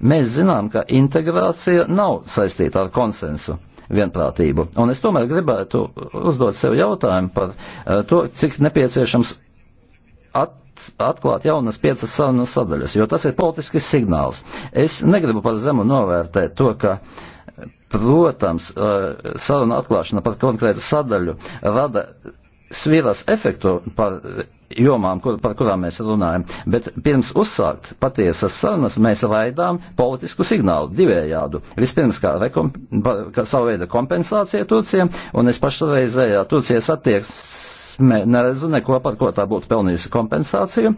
Mēs zinām, ka integrācija nav saistīta ar konsensu vienprātību. Un es tomēr gribētu uzdot sev jautājumu par eh, to, cik nepieciešams at atklāt jaunas piecas sarunas sadaļas, jo tas ir politisks signāls. Es negribu par zemu novērtēt to, ka uh, Protams, saruna atklāšana par konkrētu sadaļu rada sviras efektu par jomām, kur, par kurām mēs runājam, bet pirms uzsākt patiesas sarunas mēs raidām politisku signālu divējādu. Vispirms kā, rekom, kā savu veidu kompensācija Turcijam, un es pašreizējā Turcijas attieksmes Izaugsme neredzu neko, par ko tā būtu pelnījusi kompensāciju.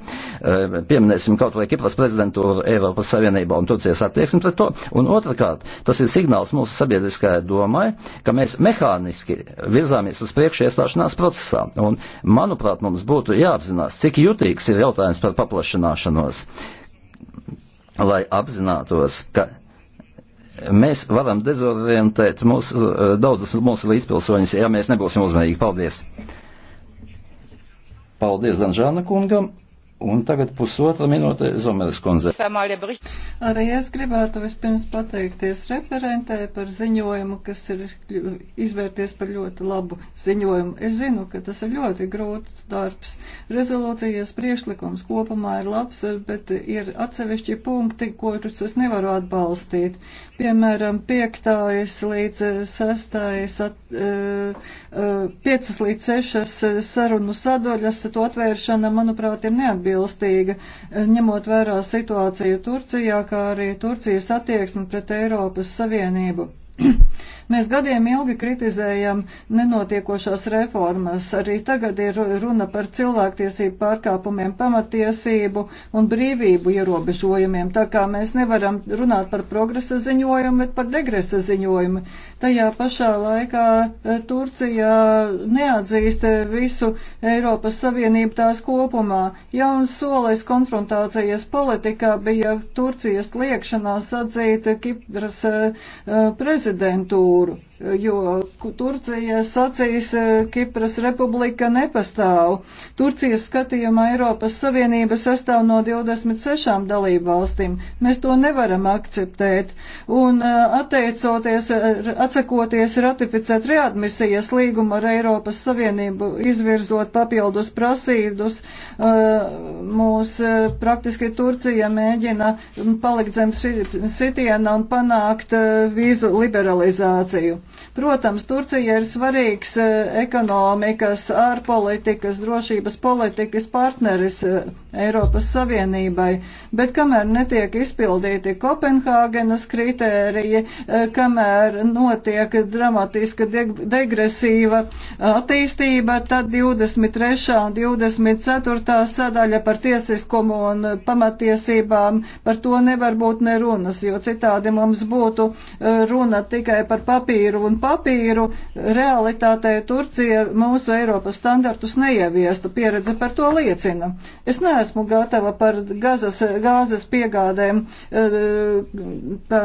E, pieminēsim kaut vai Kipras prezidentūru Eiropas Savienībā un Turcijas attieksmi pret to. Un otrkārt, tas ir signāls mūsu sabiedriskajai domai, ka mēs mehāniski virzāmies uz priekšu iestāšanās procesā. Un, manuprāt, mums būtu jāapzinās, cik jutīgs ir jautājums par paplašināšanos, lai apzinātos, ka mēs varam dezorientēt mūsu, e, daudzus mūsu līdzpilsoņus, ja mēs nebūsim uzmanīgi. Paldies! Paldies Danžāna kungam! Un tagad pusotra minūte Zomeres kundze. Arī es gribētu vispirms pateikties referentē par ziņojumu, kas ir izvērties par ļoti labu ziņojumu. Es zinu, ka tas ir ļoti grūts darbs. Rezolūcijas priešlikums kopumā ir labs, bet ir atsevišķi punkti, kurus es nevaru atbalstīt. Piemēram, piektais līdz sestais, at, uh, uh, piecas līdz sešas sarunu sadaļas, to atvēršana, manuprāt, ir neatbildīga neatbilstīga, ņemot vērā situāciju Turcijā, kā arī Turcijas attieksmi pret Eiropas Savienību. Mēs gadiem ilgi kritizējam nenotiekošās reformas. Arī tagad ir runa par cilvēktiesību pārkāpumiem, pamatiesību un brīvību ierobežojumiem. Tā kā mēs nevaram runāt par progresa ziņojumu, bet par degresa ziņojumu. Tajā pašā laikā eh, Turcija neatzīst visu Eiropas Savienību tās kopumā. Jauns solis konfrontācijas politikā bija Turcijas liekšanās atzīt Kipras eh, prezidentūru jūru jo Turcija sacīs e, Kipras republika nepastāv. Turcijas skatījumā Eiropas Savienība sastāv no 26 dalību valstīm. Mēs to nevaram akceptēt. Un e, atteicoties, e, atsakoties ratificēt readmisijas līgumu ar Eiropas Savienību, izvirzot papildus prasības, mūs praktiski Turcija mēģina palikt zem sitiena un panākt vīzu liberalizāciju. Protams, Turcija ir svarīgs eh, ekonomikas, ārpolitikas, drošības politikas partneris eh, Eiropas Savienībai, bet kamēr netiek izpildīti Kopenhāgenas kritēriji, eh, kamēr notiek dramatiska degresīva attīstība, tad 23. un 24. sadaļa par tiesiskumu un pamatiesībām par to nevar būt nerunas, jo citādi mums būtu runa tikai par papīru un papīru, realitātē Turcija mūsu Eiropas standartus neieviestu. Pieredze par to liecina. Es neesmu gatava par gazas, gāzes piegādēm eh,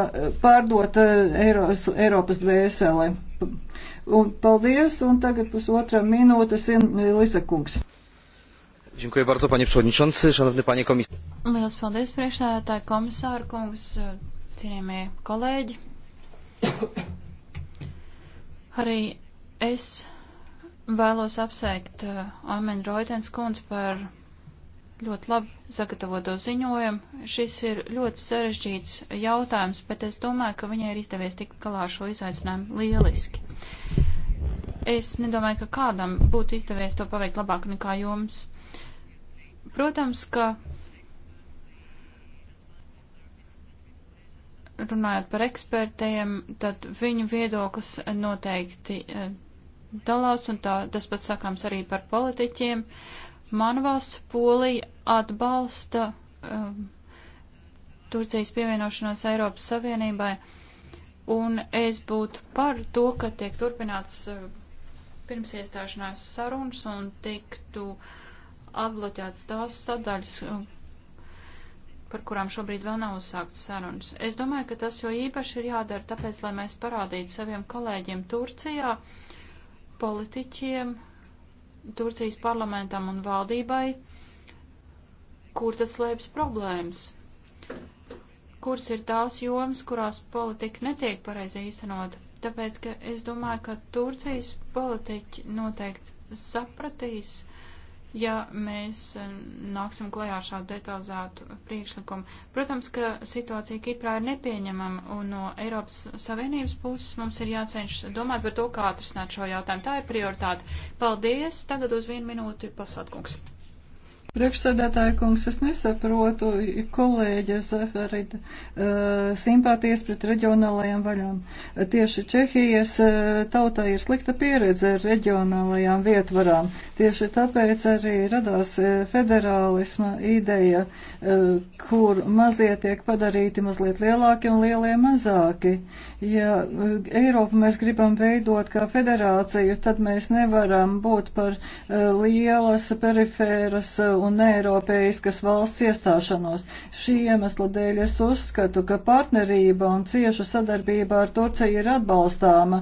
pārdot eh, Eiros, Eiropas dvēselē. Un paldies, un tagad pusotra minūtes ir Lisekungs. Dziękuję bardzo, panie przewodniczący, szanowny panie komisarz. Lielas paldies, priekšsēdētāji, komisāra kungs, cienījamie kolēģi. Arī es vēlos apsveikt uh, Amenu Roitens kundzi par ļoti labi sagatavoto ziņojumu. Šis ir ļoti sarežģīts jautājums, bet es domāju, ka viņai ir izdevies tikt galā ar šo izaicinājumu lieliski. Es nedomāju, ka kādam būtu izdevies to paveikt labāk nekā jums. Protams, ka runājot par ekspertiem, tad viņu viedoklis noteikti eh, dalās, un tā, tas pats sakāms arī par politiķiem. Man valsts Polija atbalsta um, Turcijas pievienošanos Eiropas Savienībai, un es būtu par to, ka tiek turpināts uh, pirms iestāšanās sarunas un tiktu atbloķēts tās sadaļas, par kurām šobrīd vēl nav uzsākts sarunas. Es domāju, ka tas jo īpaši ir jādara tāpēc, lai mēs parādītu saviem kolēģiem Turcijā, politiķiem, Turcijas parlamentam un valdībai, kur tas slēpjas problēmas, kuras ir tās jomas, kurās politika netiek pareizi īstenota. Tāpēc, ka es domāju, ka Turcijas politiķi noteikti sapratīs, ja mēs eh, nāksim klajā ar šādu detalizētu priekšlikumu. Protams, ka situācija Kiprā ir nepieņemama, un no Eiropas Savienības puses mums ir jācenšas domāt par to, kā atrisināt šo jautājumu. Tā ir prioritāte. Paldies! Tagad uz vienu minūti pasatkungs. Priekšsēdētāja kungs, es nesaprotu kolēģa Zaharida eh, simpātijas pret reģionālajām vaļām. Tieši Čehijas eh, tautā ir slikta pieredze ar reģionālajām vietvarām. Tieši tāpēc arī radās eh, federālisma ideja, kur mazie tiek padarīti mazliet lielāki un lielie mazāki. Ja Eiropu mēs gribam veidot kā federāciju, tad mēs nevaram būt par lielas perifēras un eiropeiskas valsts iestāšanos. Šī iemesla dēļ es uzskatu, ka partnerība un cieša sadarbība ar Turciju ir atbalstāma.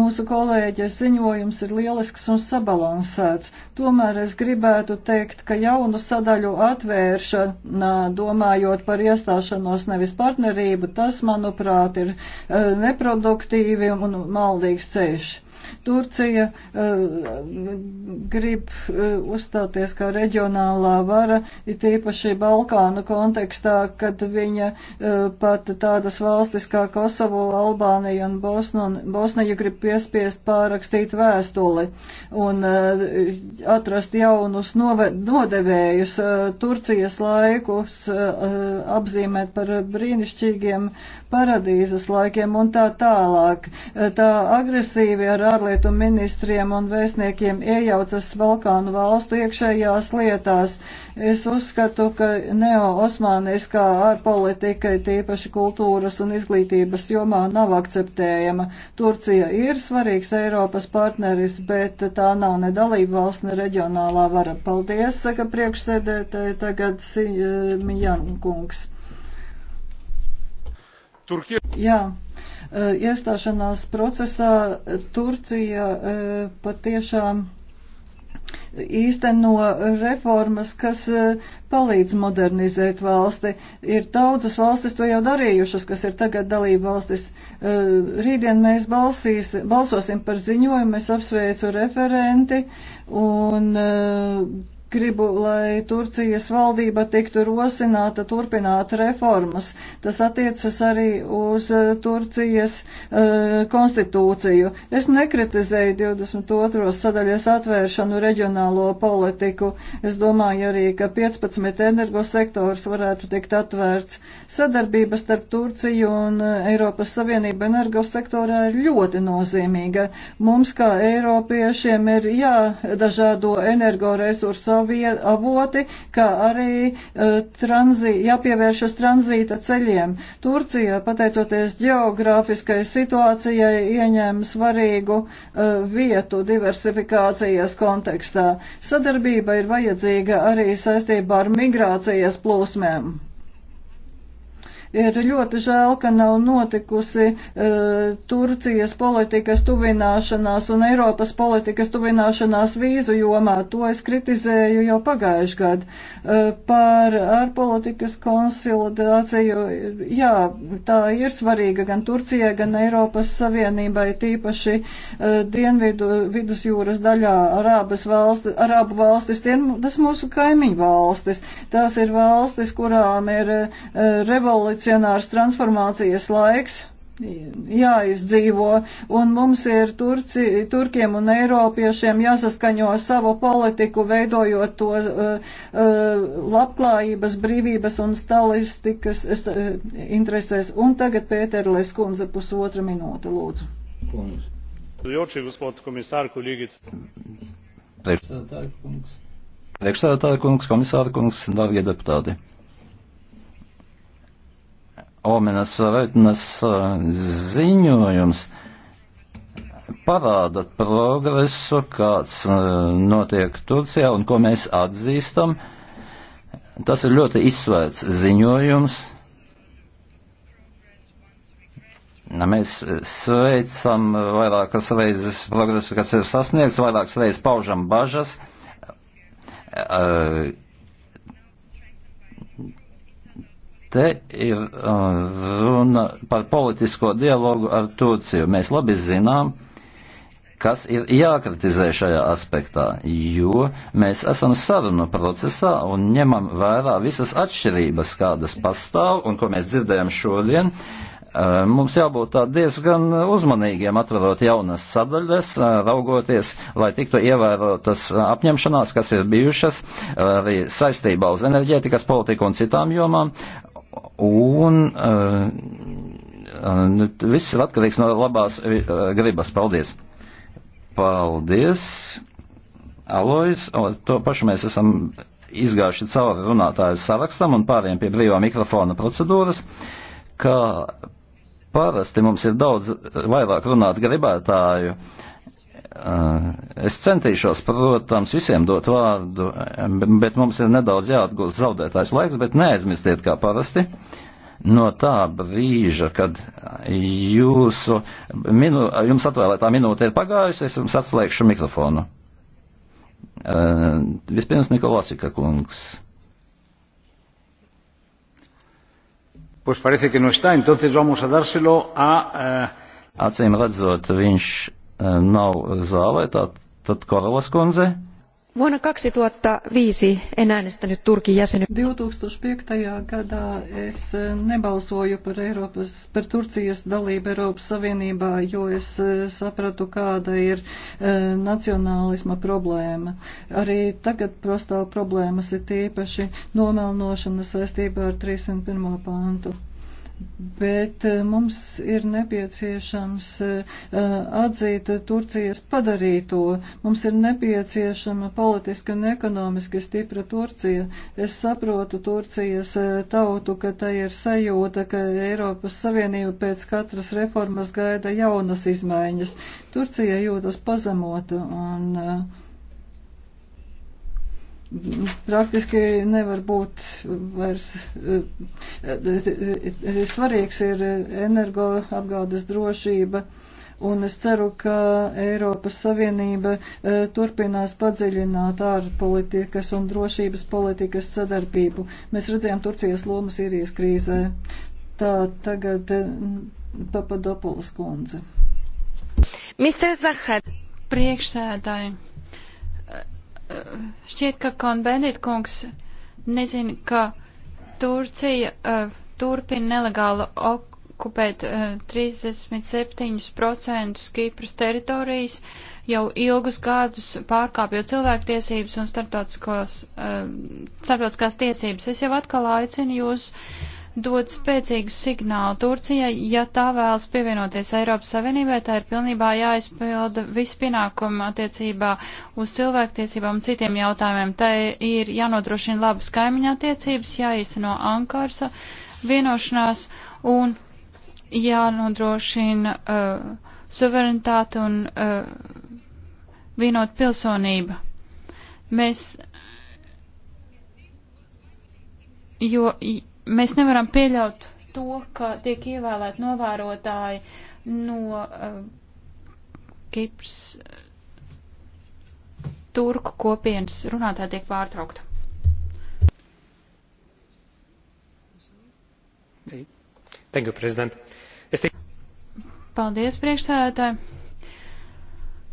Mūsu kolēģes ziņojums ir lielisks un sabalansēts. Tomēr es gribētu teikt, ka jaunu sadaļu atvēršana, domājot par iestāšanos nevis partnerību, tas, manuprāt, ir eh, neproduktīvi un maldīgs ceļš. Turcija eh, grib eh, uzstāties kā reģionālā vara, it īpaši Balkānu kontekstā, kad viņa eh, pat tādas valstis kā Kosovo, Albānija un Bosna, Bosnija grib piespiest pārakstīt vēstuli un atrast jaunus nodevējus Turcijas laikus apzīmēt par brīnišķīgiem paradīzes laikiem un tā tālāk. Tā agresīvi ar ārlietu ministriem un vēstniekiem iejaucas Balkānu valstu iekšējās lietās. Es uzskatu, ka neo-osmāniskā ārpolitika, tīpaši kultūras un izglītības jomā, nav akceptējama. Turcija ir svarīgs Eiropas partneris, bet tā nav ne dalība valsts, ne reģionālā vara. Paldies, saka priekšsēdētāji, tagad Mijankungs. Turkija. Jā, e, iestāšanās procesā Turcija e, patiešām īsteno reformas, kas e, palīdz modernizēt valsti. Ir daudzas valstis to jau darījušas, kas ir tagad dalība valstis. Rītdien mēs balsīs, balsosim par ziņojumu, es apsveicu referenti un Gribu, lai Turcijas valdība tiktu rosināta turpināt reformas. Tas attiecas arī uz eh, Turcijas uh, konstitūciju. Es nekritizēju 22. sadaļas atvēršanu reģionālo politiku. Es domāju arī, ka 15 energosektors varētu tikt atvērts. Sadarbība starp Turciju un eh, Eiropas Savienību energosektorā ir ļoti nozīmīga. Mums, kā Eiropiešiem, ir jādažādo energoresursu avoti, kā arī e, tranzī, jāpievēršas tranzīta ceļiem. Turcija, pateicoties geogrāfiskai situācijai, ieņem svarīgu e, vietu diversifikācijas kontekstā. Sadarbība ir vajadzīga arī saistībā ar migrācijas plūsmēm. Ir ļoti žēl, ka nav notikusi uh, Turcijas politikas tuvināšanās un Eiropas politikas tuvināšanās vīzu jomā. To es kritizēju jau pagājuši gadu. Uh, par ārpolitikas konsolidāciju, jā, tā ir svarīga gan Turcijai, gan Eiropas Savienībai, tīpaši uh, Dienvidu vidusjūras daļā Arābas valsti, Arābu valstis, tie, tas mūsu kaimiņu valstis. Tās ir valstis, kurām ir uh, revolūcija revolucionārs transformācijas laiks jāizdzīvo, un mums ir Turci, turkiem un eiropiešiem jāsaskaņo savu politiku, veidojot to uh, uh, labklājības, brīvības un stalistikas st uh, interesēs. Un tagad Pēterles kundze pusotra minūte, lūdzu. Kungs. Joči, gospod komisār, kolīgis. Priekšstādātāja kungs, komisāra kungs, dārgie deputāti. Omenas Reitnes eh, ziņojums parāda progresu, kāds eh, notiek Turcijā un ko mēs atzīstam. Tas ir ļoti izsvērts ziņojums. Mēs eh, sveicam vairākas reizes progresu, kas ir sasniegts, vairākas reizes paužam bažas. Uh, Te ir uh, runa par politisko dialogu ar Turciju. Mēs labi zinām, kas ir jākritizē šajā aspektā, jo mēs esam sarunu procesā un ņemam vērā visas atšķirības, kādas pastāv un ko mēs dzirdējam šodien. Uh, mums jābūt diezgan uzmanīgiem, atverot jaunas sadaļas, uh, raugoties, lai tiktu ievērotas apņemšanās, kas ir bijušas arī saistībā uz enerģētikas politiku un citām jomām, un uh, viss ir atkarīgs no labās uh, gribas. Paldies! Paldies! Alois, to pašu mēs esam izgājuši cauri runātāju sarakstam un pāriem pie brīvā mikrofona procedūras, ka parasti mums ir daudz vairāk runāt gribētāju. Uh, Eh, es centīšos, protams, visiem dot vārdu, bet mums ir nedaudz jāatgūst zaudētais laiks, bet neaizmirstiet kā parasti. No tā brīža, kad jūsu minu, jums atvēlētā minūte ir pagājusi, es jums atslēgšu mikrofonu. Uh, vispirms Nikolasika kungs. Pues parece que no está, entonces vamos a dárselo a. Uh... Acīm redzot, viņš nav zālē, tā, tad Korolas kundze. Vuonna 2005 en äänestänyt Turkin jäsenyyttä. 2005. gadā es eh, nebalsoju par, Eiropas, par Turcijas dalību Eiropas Savienībā, jo es eh, sapratu, kāda ir e, nacionālisma problēma. Arī tagad pastāv problēmas ir tīpaši nomelnošana saistībā ar 301. pantu bet eh, mums ir nepieciešams eh, atzīt Turcijas padarīto. Mums ir nepieciešama politiski un ekonomiski stipra Turcija. Es saprotu Turcijas eh, tautu, ka tai ir sajūta, ka Eiropas Savienība pēc katras reformas gaida jaunas izmaiņas. Turcija jūtas pazemota un uh, praktiski nevar būt vairs eh, svarīgs ir energoapgādes drošība. Un es ceru, ka Eiropas Savienība e, turpinās padziļināt ārpolitikas un drošības politikas sadarbību. Mēs redzējām Turcijas lomu Sīrijas krīzē. Tā tagad e, eh, Papadopulas kundze. Mr. Zahar. Priekšsēdāji šķiet, ka Konbendit kungs nezina, ka Turcija uh, turpina nelegāli okupēt uh, 37% Kīpras teritorijas, jau ilgus gadus pārkāpjot cilvēktiesības un starptautiskās tiesības. Es jau atkal aicinu jūs uh, dod spēcīgu signālu Turcijai, ja tā vēlas pievienoties Eiropas Savienībai, tā ir pilnībā jāizpilda visi pienākumi attiecībā uz cilvēktiesībām un citiem jautājumiem. Tā ir jānodrošina labas kaimiņa attiecības, jāīsteno Ankārsa vienošanās un jānodrošina uh, suverenitāte un uh, vienot pilsonība. Mēs, jo, mēs nevaram pieļaut to, ka tiek ievēlēti novērotāji no uh, Kipras uh, turku kopienas runātāji tiek pārtraukta. Thank you, President. Es tik... Paldies, priekšsēdētāji.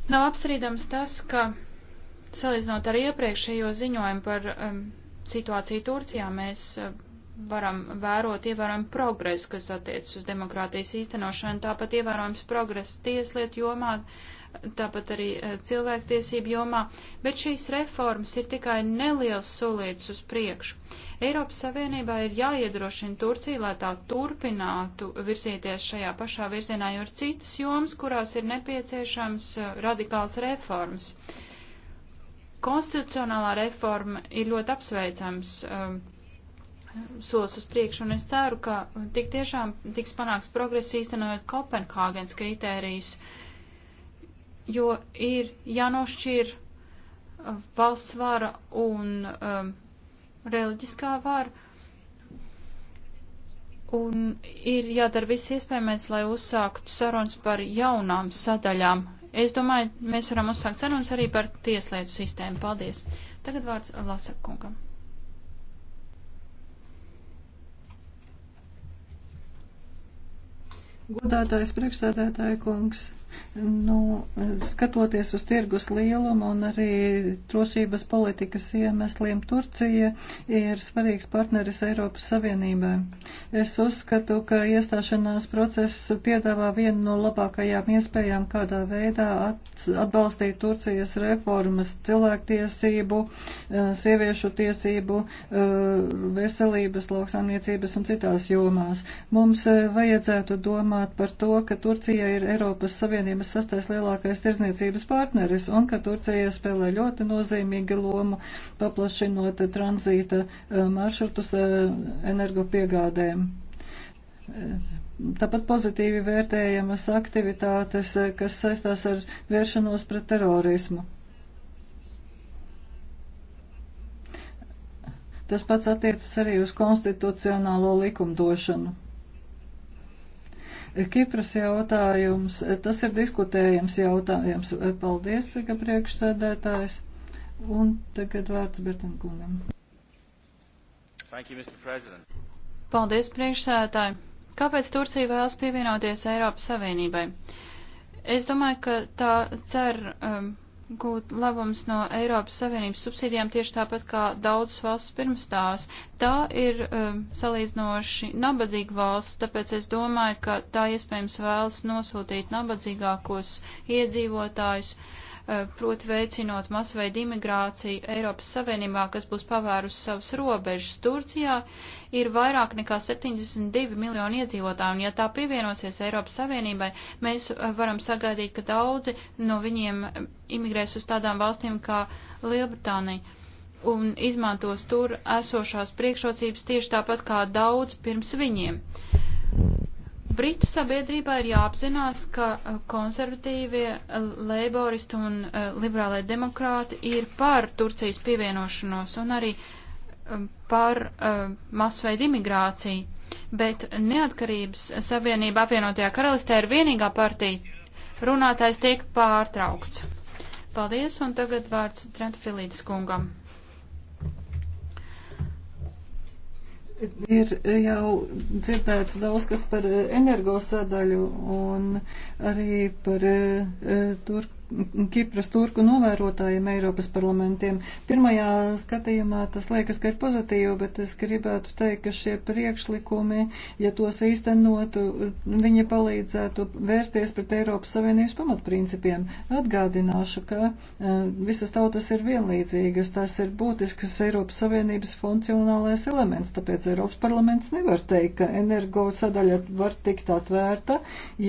Nav apstrīdams tas, ka salīdzinot ar iepriekšējo ziņojumu par um, situāciju Turcijā, mēs uh, varam vērot ievērojam progresu, kas attiecas uz demokrātijas īstenošanu, tāpat ievērojams progress tieslietu jomā, tāpat arī eh, cilvēktiesību jomā, bet šīs reformas ir tikai neliels solīts uz priekšu. Eiropas Savienībā ir jāiedrošina Turcija, lai tā turpinātu virzīties šajā pašā virzienā, jo ir citas jomas, kurās ir nepieciešams eh, radikāls reformas. Konstitucionālā reforma ir ļoti apsveicams. Um, solis uz priekšu, un es ceru, ka tik tiešām tiks panāks progress īstenojot Kopenhāgens kritērijus, jo ir jānošķir uh, valsts vara un um, reliģiskā vara, un ir jādara viss iespējamais, lai uzsāktu sarunas par jaunām sadaļām. Es domāju, mēs varam uzsākt sarunas arī par tieslietu sistēmu. Paldies! Tagad vārds Lasakungam. Godātais priekšsēdētāja kungs. Nu, skatoties uz tirgus lielumu un arī drošības politikas iemesliem, Turcija ir svarīgs partneris Eiropas Savienībai. Es uzskatu, ka iestāšanās process piedāvā vienu no labākajām iespējām, kādā veidā atbalstīt Turcijas reformas cilvēktiesību, eh, sieviešu tiesību, eh, veselības, lauksaimniecības un citās jomās. Mums eh, vajadzētu domāt par to, ka Turcija ir Eiropas Savienība Savienības sastais lielākais tirdzniecības partneris un ka Turcija spēlē ļoti nozīmīgu lomu paplašinot tranzīta eh, maršrutus eh, energopiegādēm. Eh, tāpat pozitīvi vērtējamas aktivitātes, kas saistās ar vēršanos pret terorismu. Tas pats attiecas arī uz konstitucionālo likumdošanu. Kipras jautājums, tas ir diskutējams jautājums. Paldies, ka priekšsēdētājs. Un tagad vārds Bertinkungam. Paldies, priekšsēdētāji. Kāpēc Turcija vēlas pievienoties Eiropas Savienībai? Es domāju, ka tā cer. Um, gūt labums no Eiropas Savienības subsīdijām tieši tāpat kā daudzas valsts pirms tās. Tā ir um, salīdzinoši nabadzīga valsts, tāpēc es domāju, ka tā iespējams vēlas nosūtīt nabadzīgākos iedzīvotājus uh, Eh, proti veicinot masveidu imigrāciju Eiropas Savienībā, kas būs pavērusi savas robežas. Turcijā ir vairāk nekā 72 miljoni iedzīvotāji, un ja tā pievienosies Eiropas Savienībai, mēs eh, varam sagaidīt, ka daudzi no viņiem imigrēs uz tādām valstīm kā Lielbritānija un izmantos tur esošās priekšrocības tieši tāpat kā daudz pirms viņiem. Uh, Britu sabiedrībā ir jāapzinās, ka eh, konservatīvie, eh, leiboristi un eh, liberālai demokrāti ir par Turcijas pievienošanos un arī par uh, masveidu imigrāciju, bet Neatkarības Savienība apvienotajā karalistē ir vienīgā partija. Runātājs tiek pārtraukts. Paldies, un tagad vārds Trenta Filīdas kungam. Ir jau dzirdēts daudz kas par eh, energosadaļu un arī par eh, turku Kipras turku novērotājiem Eiropas parlamentiem. Pirmajā skatījumā tas liekas, ka ir pozitīvi, bet es gribētu teikt, ka šie priekšlikumi, ja tos īstenotu, viņi palīdzētu vērsties pret Eiropas Savienības pamatprincipiem. Atgādināšu, ka eh, visas tautas ir vienlīdzīgas, tas ir būtisks Eiropas Savienības funkcionālais elements, tāpēc Eiropas parlaments nevar teikt, ka energo sadaļa var tikt atvērta,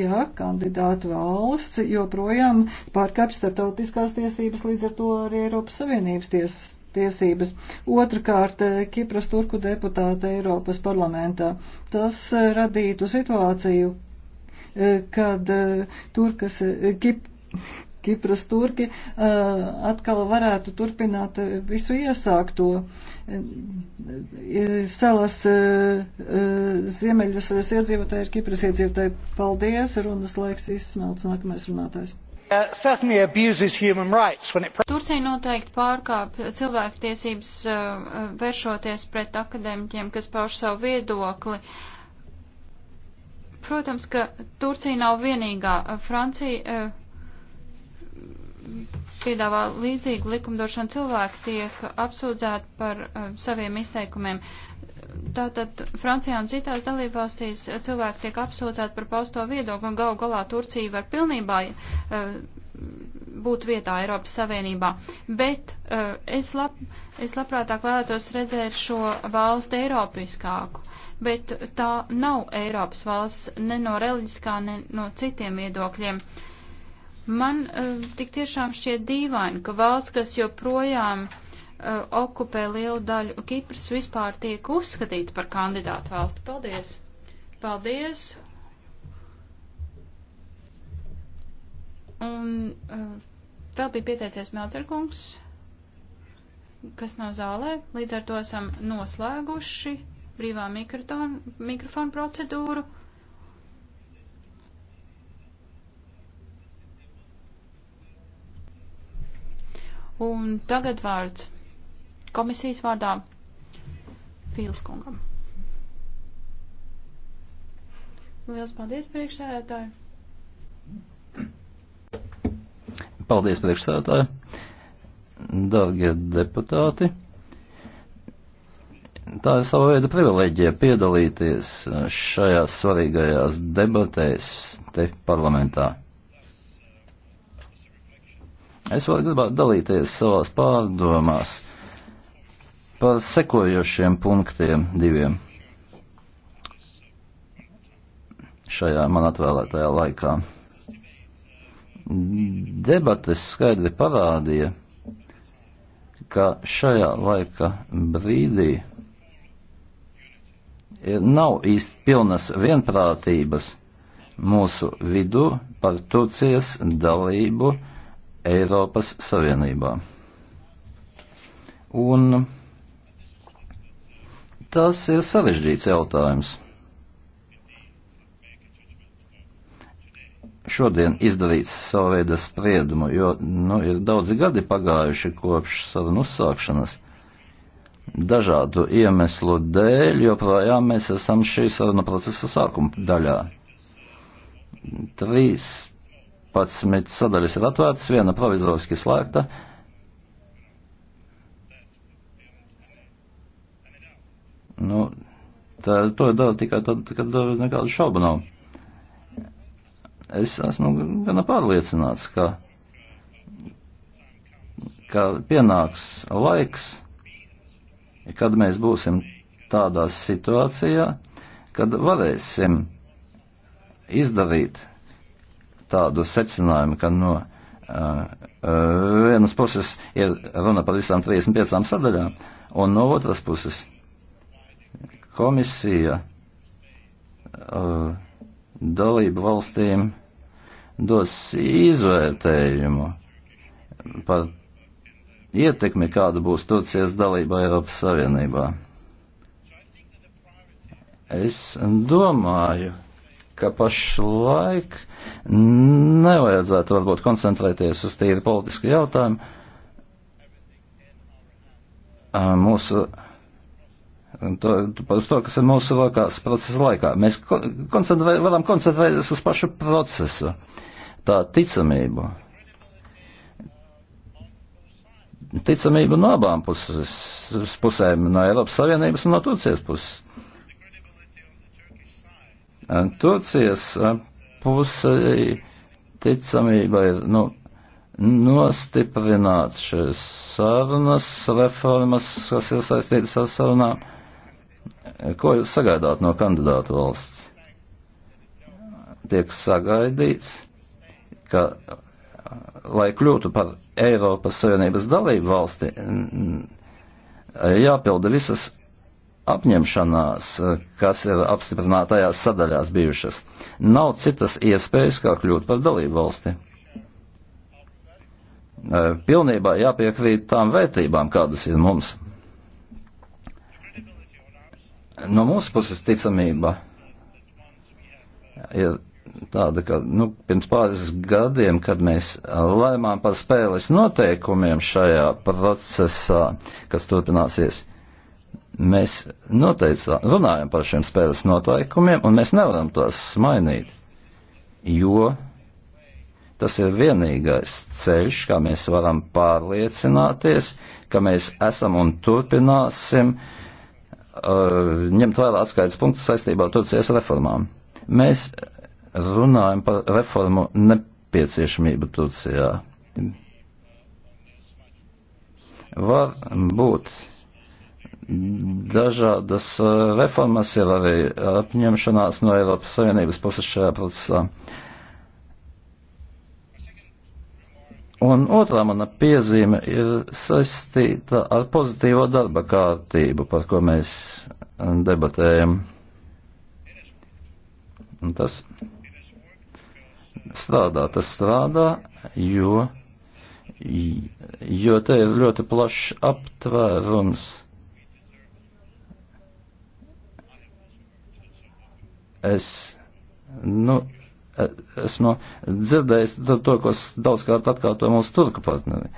ja kandidāta valsts joprojām par pārkāpj starptautiskās tiesības, līdz ar to arī Eiropas Savienības ties, tiesības. Otrakārt, eh, Kipras turku deputāte Eiropas parlamentā. Tas eh, radītu situāciju, eh, kad turkas, Kip, Kipras turki atkal varētu turpināt visu iesākto. Salas ziemeļus iedzīvotāji ir Kipras iedzīvotāji. Paldies, runas laiks izsmelts nākamais runātājs. Uh, Turcija noteikti pārkāp cilvēktiesības uh, uh, vēršoties pret akadēmiķiem, kas pauž savu viedokli. Protams, ka Turcija nav vienīgā. Francija piedāvā līdzīgu likumdošanu cilvēku tiek apsūdzēti par saviem izteikumiem. Tātad Francijā un citās dalībvalstīs cilvēki tiek apsūdzēti par pausto viedokli un gal galā Turcija var pilnībā uh, būt vietā Eiropas Savienībā. Bet uh, es, lab, es labprātāk vēlētos redzēt šo valstu eiropiskāku. Bet tā nav Eiropas valsts ne no reliģiskā, ne no citiem viedokļiem. Man uh, tik tiešām šķiet dīvaini, ka valsts, kas joprojām uh, uh, okupē lielu daļu Kipras, vispār tiek uzskatīta par kandidātu valsti. Paldies! Paldies! Un uh, vēl bija pieteicies Melcerkungs, kas nav zālē. Līdz ar to esam noslēguši brīvā mikrofona procedūru. Un tagad vārds komisijas vārdā Fīls kungam. Liels paldies, priekšsēdētāji! Paldies, priekšsēdētāji! Dārgie deputāti! Tā ir sava veida privileģija piedalīties šajās svarīgajās debatēs te parlamentā. Es vēl gribētu dalīties savās pārdomās par sekojošiem punktiem diviem šajā man atvēlētajā laikā. Debates skaidri parādīja, ka šajā laika brīdī nav īsti pilnas vienprātības mūsu vidū par Turcijas dalību Eiropas Savienībā. Un Tas ir sarežģīts jautājums. Šodien izdarīts savu veidu spriedumu, jo nu, ir daudzi gadi pagājuši kopš sarunu uzsākšanas. Dažādu iemeslu dēļ joprojām mēs esam šī saruna procesa sākuma daļā. 13 sadaļas ir atvērtas, viena provizoriski slēgta, Nu, tā, to dara tikai tad, kad nekādu šaubu nav. Es esmu gana pārliecināts, ka, ka pienāks laiks, kad mēs būsim tādā situācijā, kad varēsim izdarīt tādu secinājumu, ka no uh, vienas puses ir runa par visām 35 sadaļām, un no otras puses Komisija uh, dalību valstīm dos izvērtējumu par ietekmi, kāda būs Turcijas dalība Eiropas Savienībā. Es domāju, ka pašlaik nevajadzētu varbūt koncentrēties uz tīri politisku jautājumu. Uh, mūsu to, uz to, kas ir mūsu rokās procesa laikā. Mēs koncentrē, varam koncentrēties uz pašu procesu, tā ticamību. Ticamību no abām puses, pusēm, no Eiropas Savienības un no Turcijas puses. Turcijas puse ticamība ir nu, nostiprināt šīs sarunas, reformas, kas ir saistītas ar sarunām Ko jūs sagaidāt no kandidātu valsts? Tiek sagaidīts, ka, lai kļūtu par Eiropas Savienības dalību valsti, jāpilda visas apņemšanās, kas ir apstiprinātajās sadaļās bijušas. Nav citas iespējas, kā kļūt par dalību valsti. Pilnībā jāpiekrīt tām vērtībām, kādas ir mums. No mūsu puses ticamība ir tāda, ka nu, pirms pāris gadiem, kad mēs lēmām par spēles noteikumiem šajā procesā, kas turpināsies, mēs noteicām, runājam par šiem spēles noteikumiem, un mēs nevaram tos mainīt, jo tas ir vienīgais ceļš, kā mēs varam pārliecināties, ka mēs esam un turpināsim uh, ņemt vērā atskaites punktus saistībā ar Turcijas reformām. Mēs runājam par reformu nepieciešamību Turcijā. Var būt dažādas reformas, ir arī apņemšanās no Eiropas Savienības puses šajā procesā. Uh, Un otrā mana piezīme ir saistīta ar pozitīvo darba kārtību, par ko mēs debatējam. Un tas strādā, tas strādā, jo, jo te ir ļoti plašs aptvērums. Es, nu, esmu dzirdējis to, to ko daudzkārt atkārto mūsu turku partneri.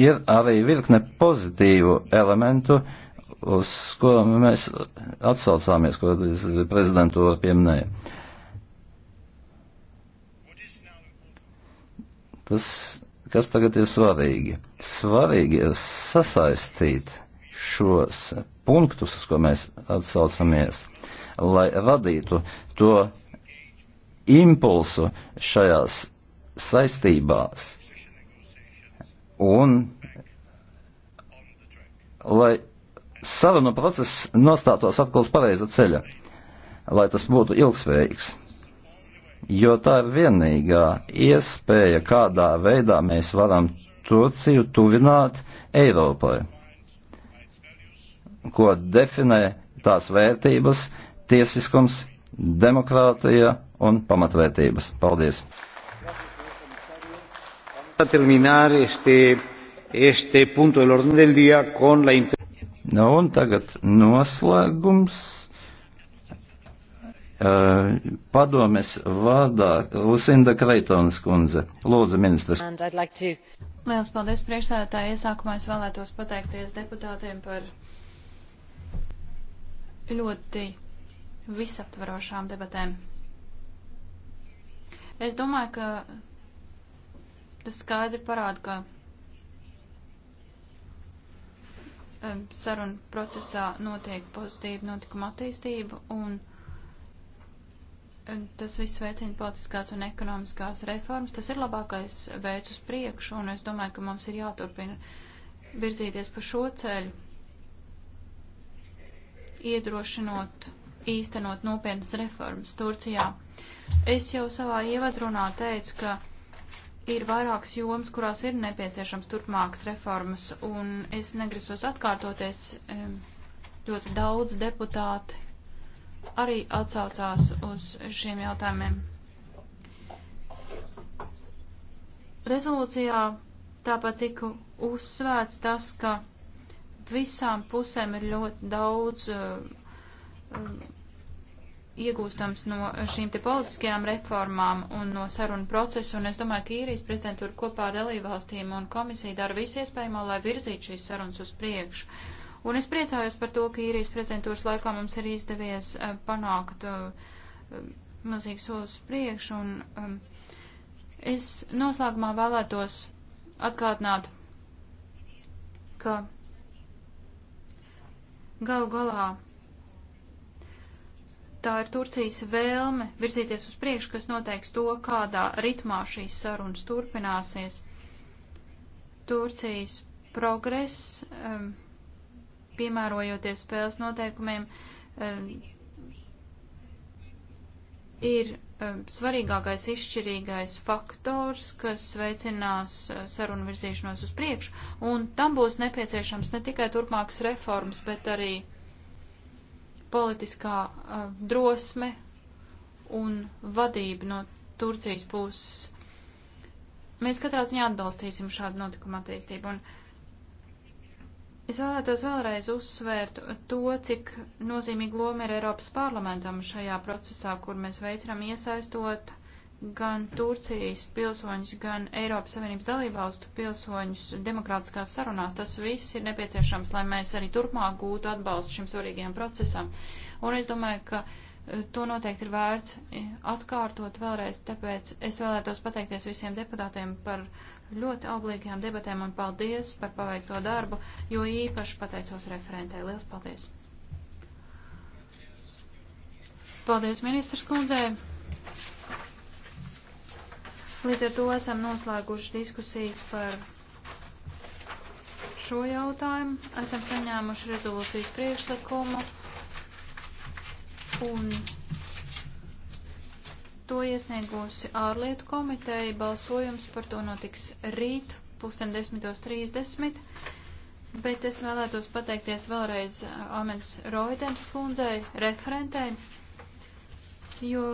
Ir arī virkne pozitīvu elementu, uz ko mēs atsaucāmies, ko prezidentūra pieminēja. Tas kas tagad ir svarīgi. Svarīgi ir sasaistīt šos punktus, uz ko mēs atsaucamies, lai radītu to impulsu šajās saistībās un lai sarunu process nostātos atkal uz pareiza ceļa, lai tas būtu ilgspējīgs jo tā ir vienīgā iespēja, kādā veidā mēs varam Turciju tuvināt Eiropai, ko definē tās vērtības, tiesiskums, demokrātija un pamatvērtības. Paldies! terminar este, este punto del orden del día con la. Nu, un tagad noslēgums. Uh, padomes vārdā Lusinda Kreitons kundze. Lūdzu, ministrs. Like to... Liels paldies priekšsēdētāji. Iesākumā es vēlētos pateikties deputātiem par ļoti visaptvarošām debatēm. Es domāju, ka tas skaidri parāda, ka sarunu procesā notiek pozitīva notikuma attīstība un Tas viss veicina politiskās un ekonomiskās reformas. Tas ir labākais veids uz priekšu, un es domāju, ka mums ir jāturpina virzīties pa šo ceļu, iedrošinot, īstenot nopietnas reformas Turcijā. Es jau savā ievadrunā teicu, ka ir vairākas jomas, kurās ir nepieciešams turpmākas reformas, un es negrasos atkārtoties. Ļoti daudz deputāti arī atsaucās uz šiem jautājumiem. Rezolūcijā tāpat tika uzsvērts tas, ka visām pusēm ir ļoti daudz uh, um, iegūstams no šīm te politiskajām reformām un no sarunu procesu, un es domāju, ka īrijas prezidentūra kopā ar dalībvalstīm un komisiju dara visu iespējamo, lai virzītu šīs sarunas uz priekšu. Uh, Un es priecājos par to, ka īrijas prezidentūras laikā mums ir izdevies uh, panākt uh, eh, milzīgs solis priekš, un um, es noslēgumā vēlētos atgādināt, ka galu galā tā ir Turcijas vēlme virzīties uz priekšu, kas noteiks to, kādā ritmā šīs sarunas turpināsies. Turcijas progress. Um, piemērojoties spēles noteikumiem, um, ir um, svarīgākais izšķirīgais faktors, kas veicinās uh, sarunu virzīšanos uz priekšu, un tam būs nepieciešams ne tikai turpmākas reformas, bet arī politiskā uh, drosme un vadība no Turcijas puses. Mēs katrā ziņā atbalstīsim šādu notikumu attīstību. Un Es vēlētos vēlreiz uzsvērt to, cik nozīmīga loma ir Eiropas parlamentam šajā procesā, kur mēs veicinām iesaistot gan Turcijas pilsoņus, gan Eiropas Savienības dalībvalstu pilsoņus demokrātiskās sarunās. Tas viss ir nepieciešams, lai mēs arī turpmāk gūtu atbalstu šim svarīgajam procesam. Un es domāju, ka e, to noteikti ir vērts e, atkārtot vēlreiz, tāpēc es vēlētos pateikties visiem deputātiem par ļoti auglīgajām debatēm un paldies par paveikto darbu, jo īpaši pateicos referentē. Liels paldies! Paldies, ministrs kundzē! Līdz ar to esam noslēguši diskusijas par šo jautājumu. Esam saņēmuši rezolūcijas priekšlikumu un to iesniegusi ārlietu komiteja. Balsojums par to notiks rīt, pusdien 10.30. Bet es vēlētos pateikties vēlreiz Amens Roidens kundzei, referentei, jo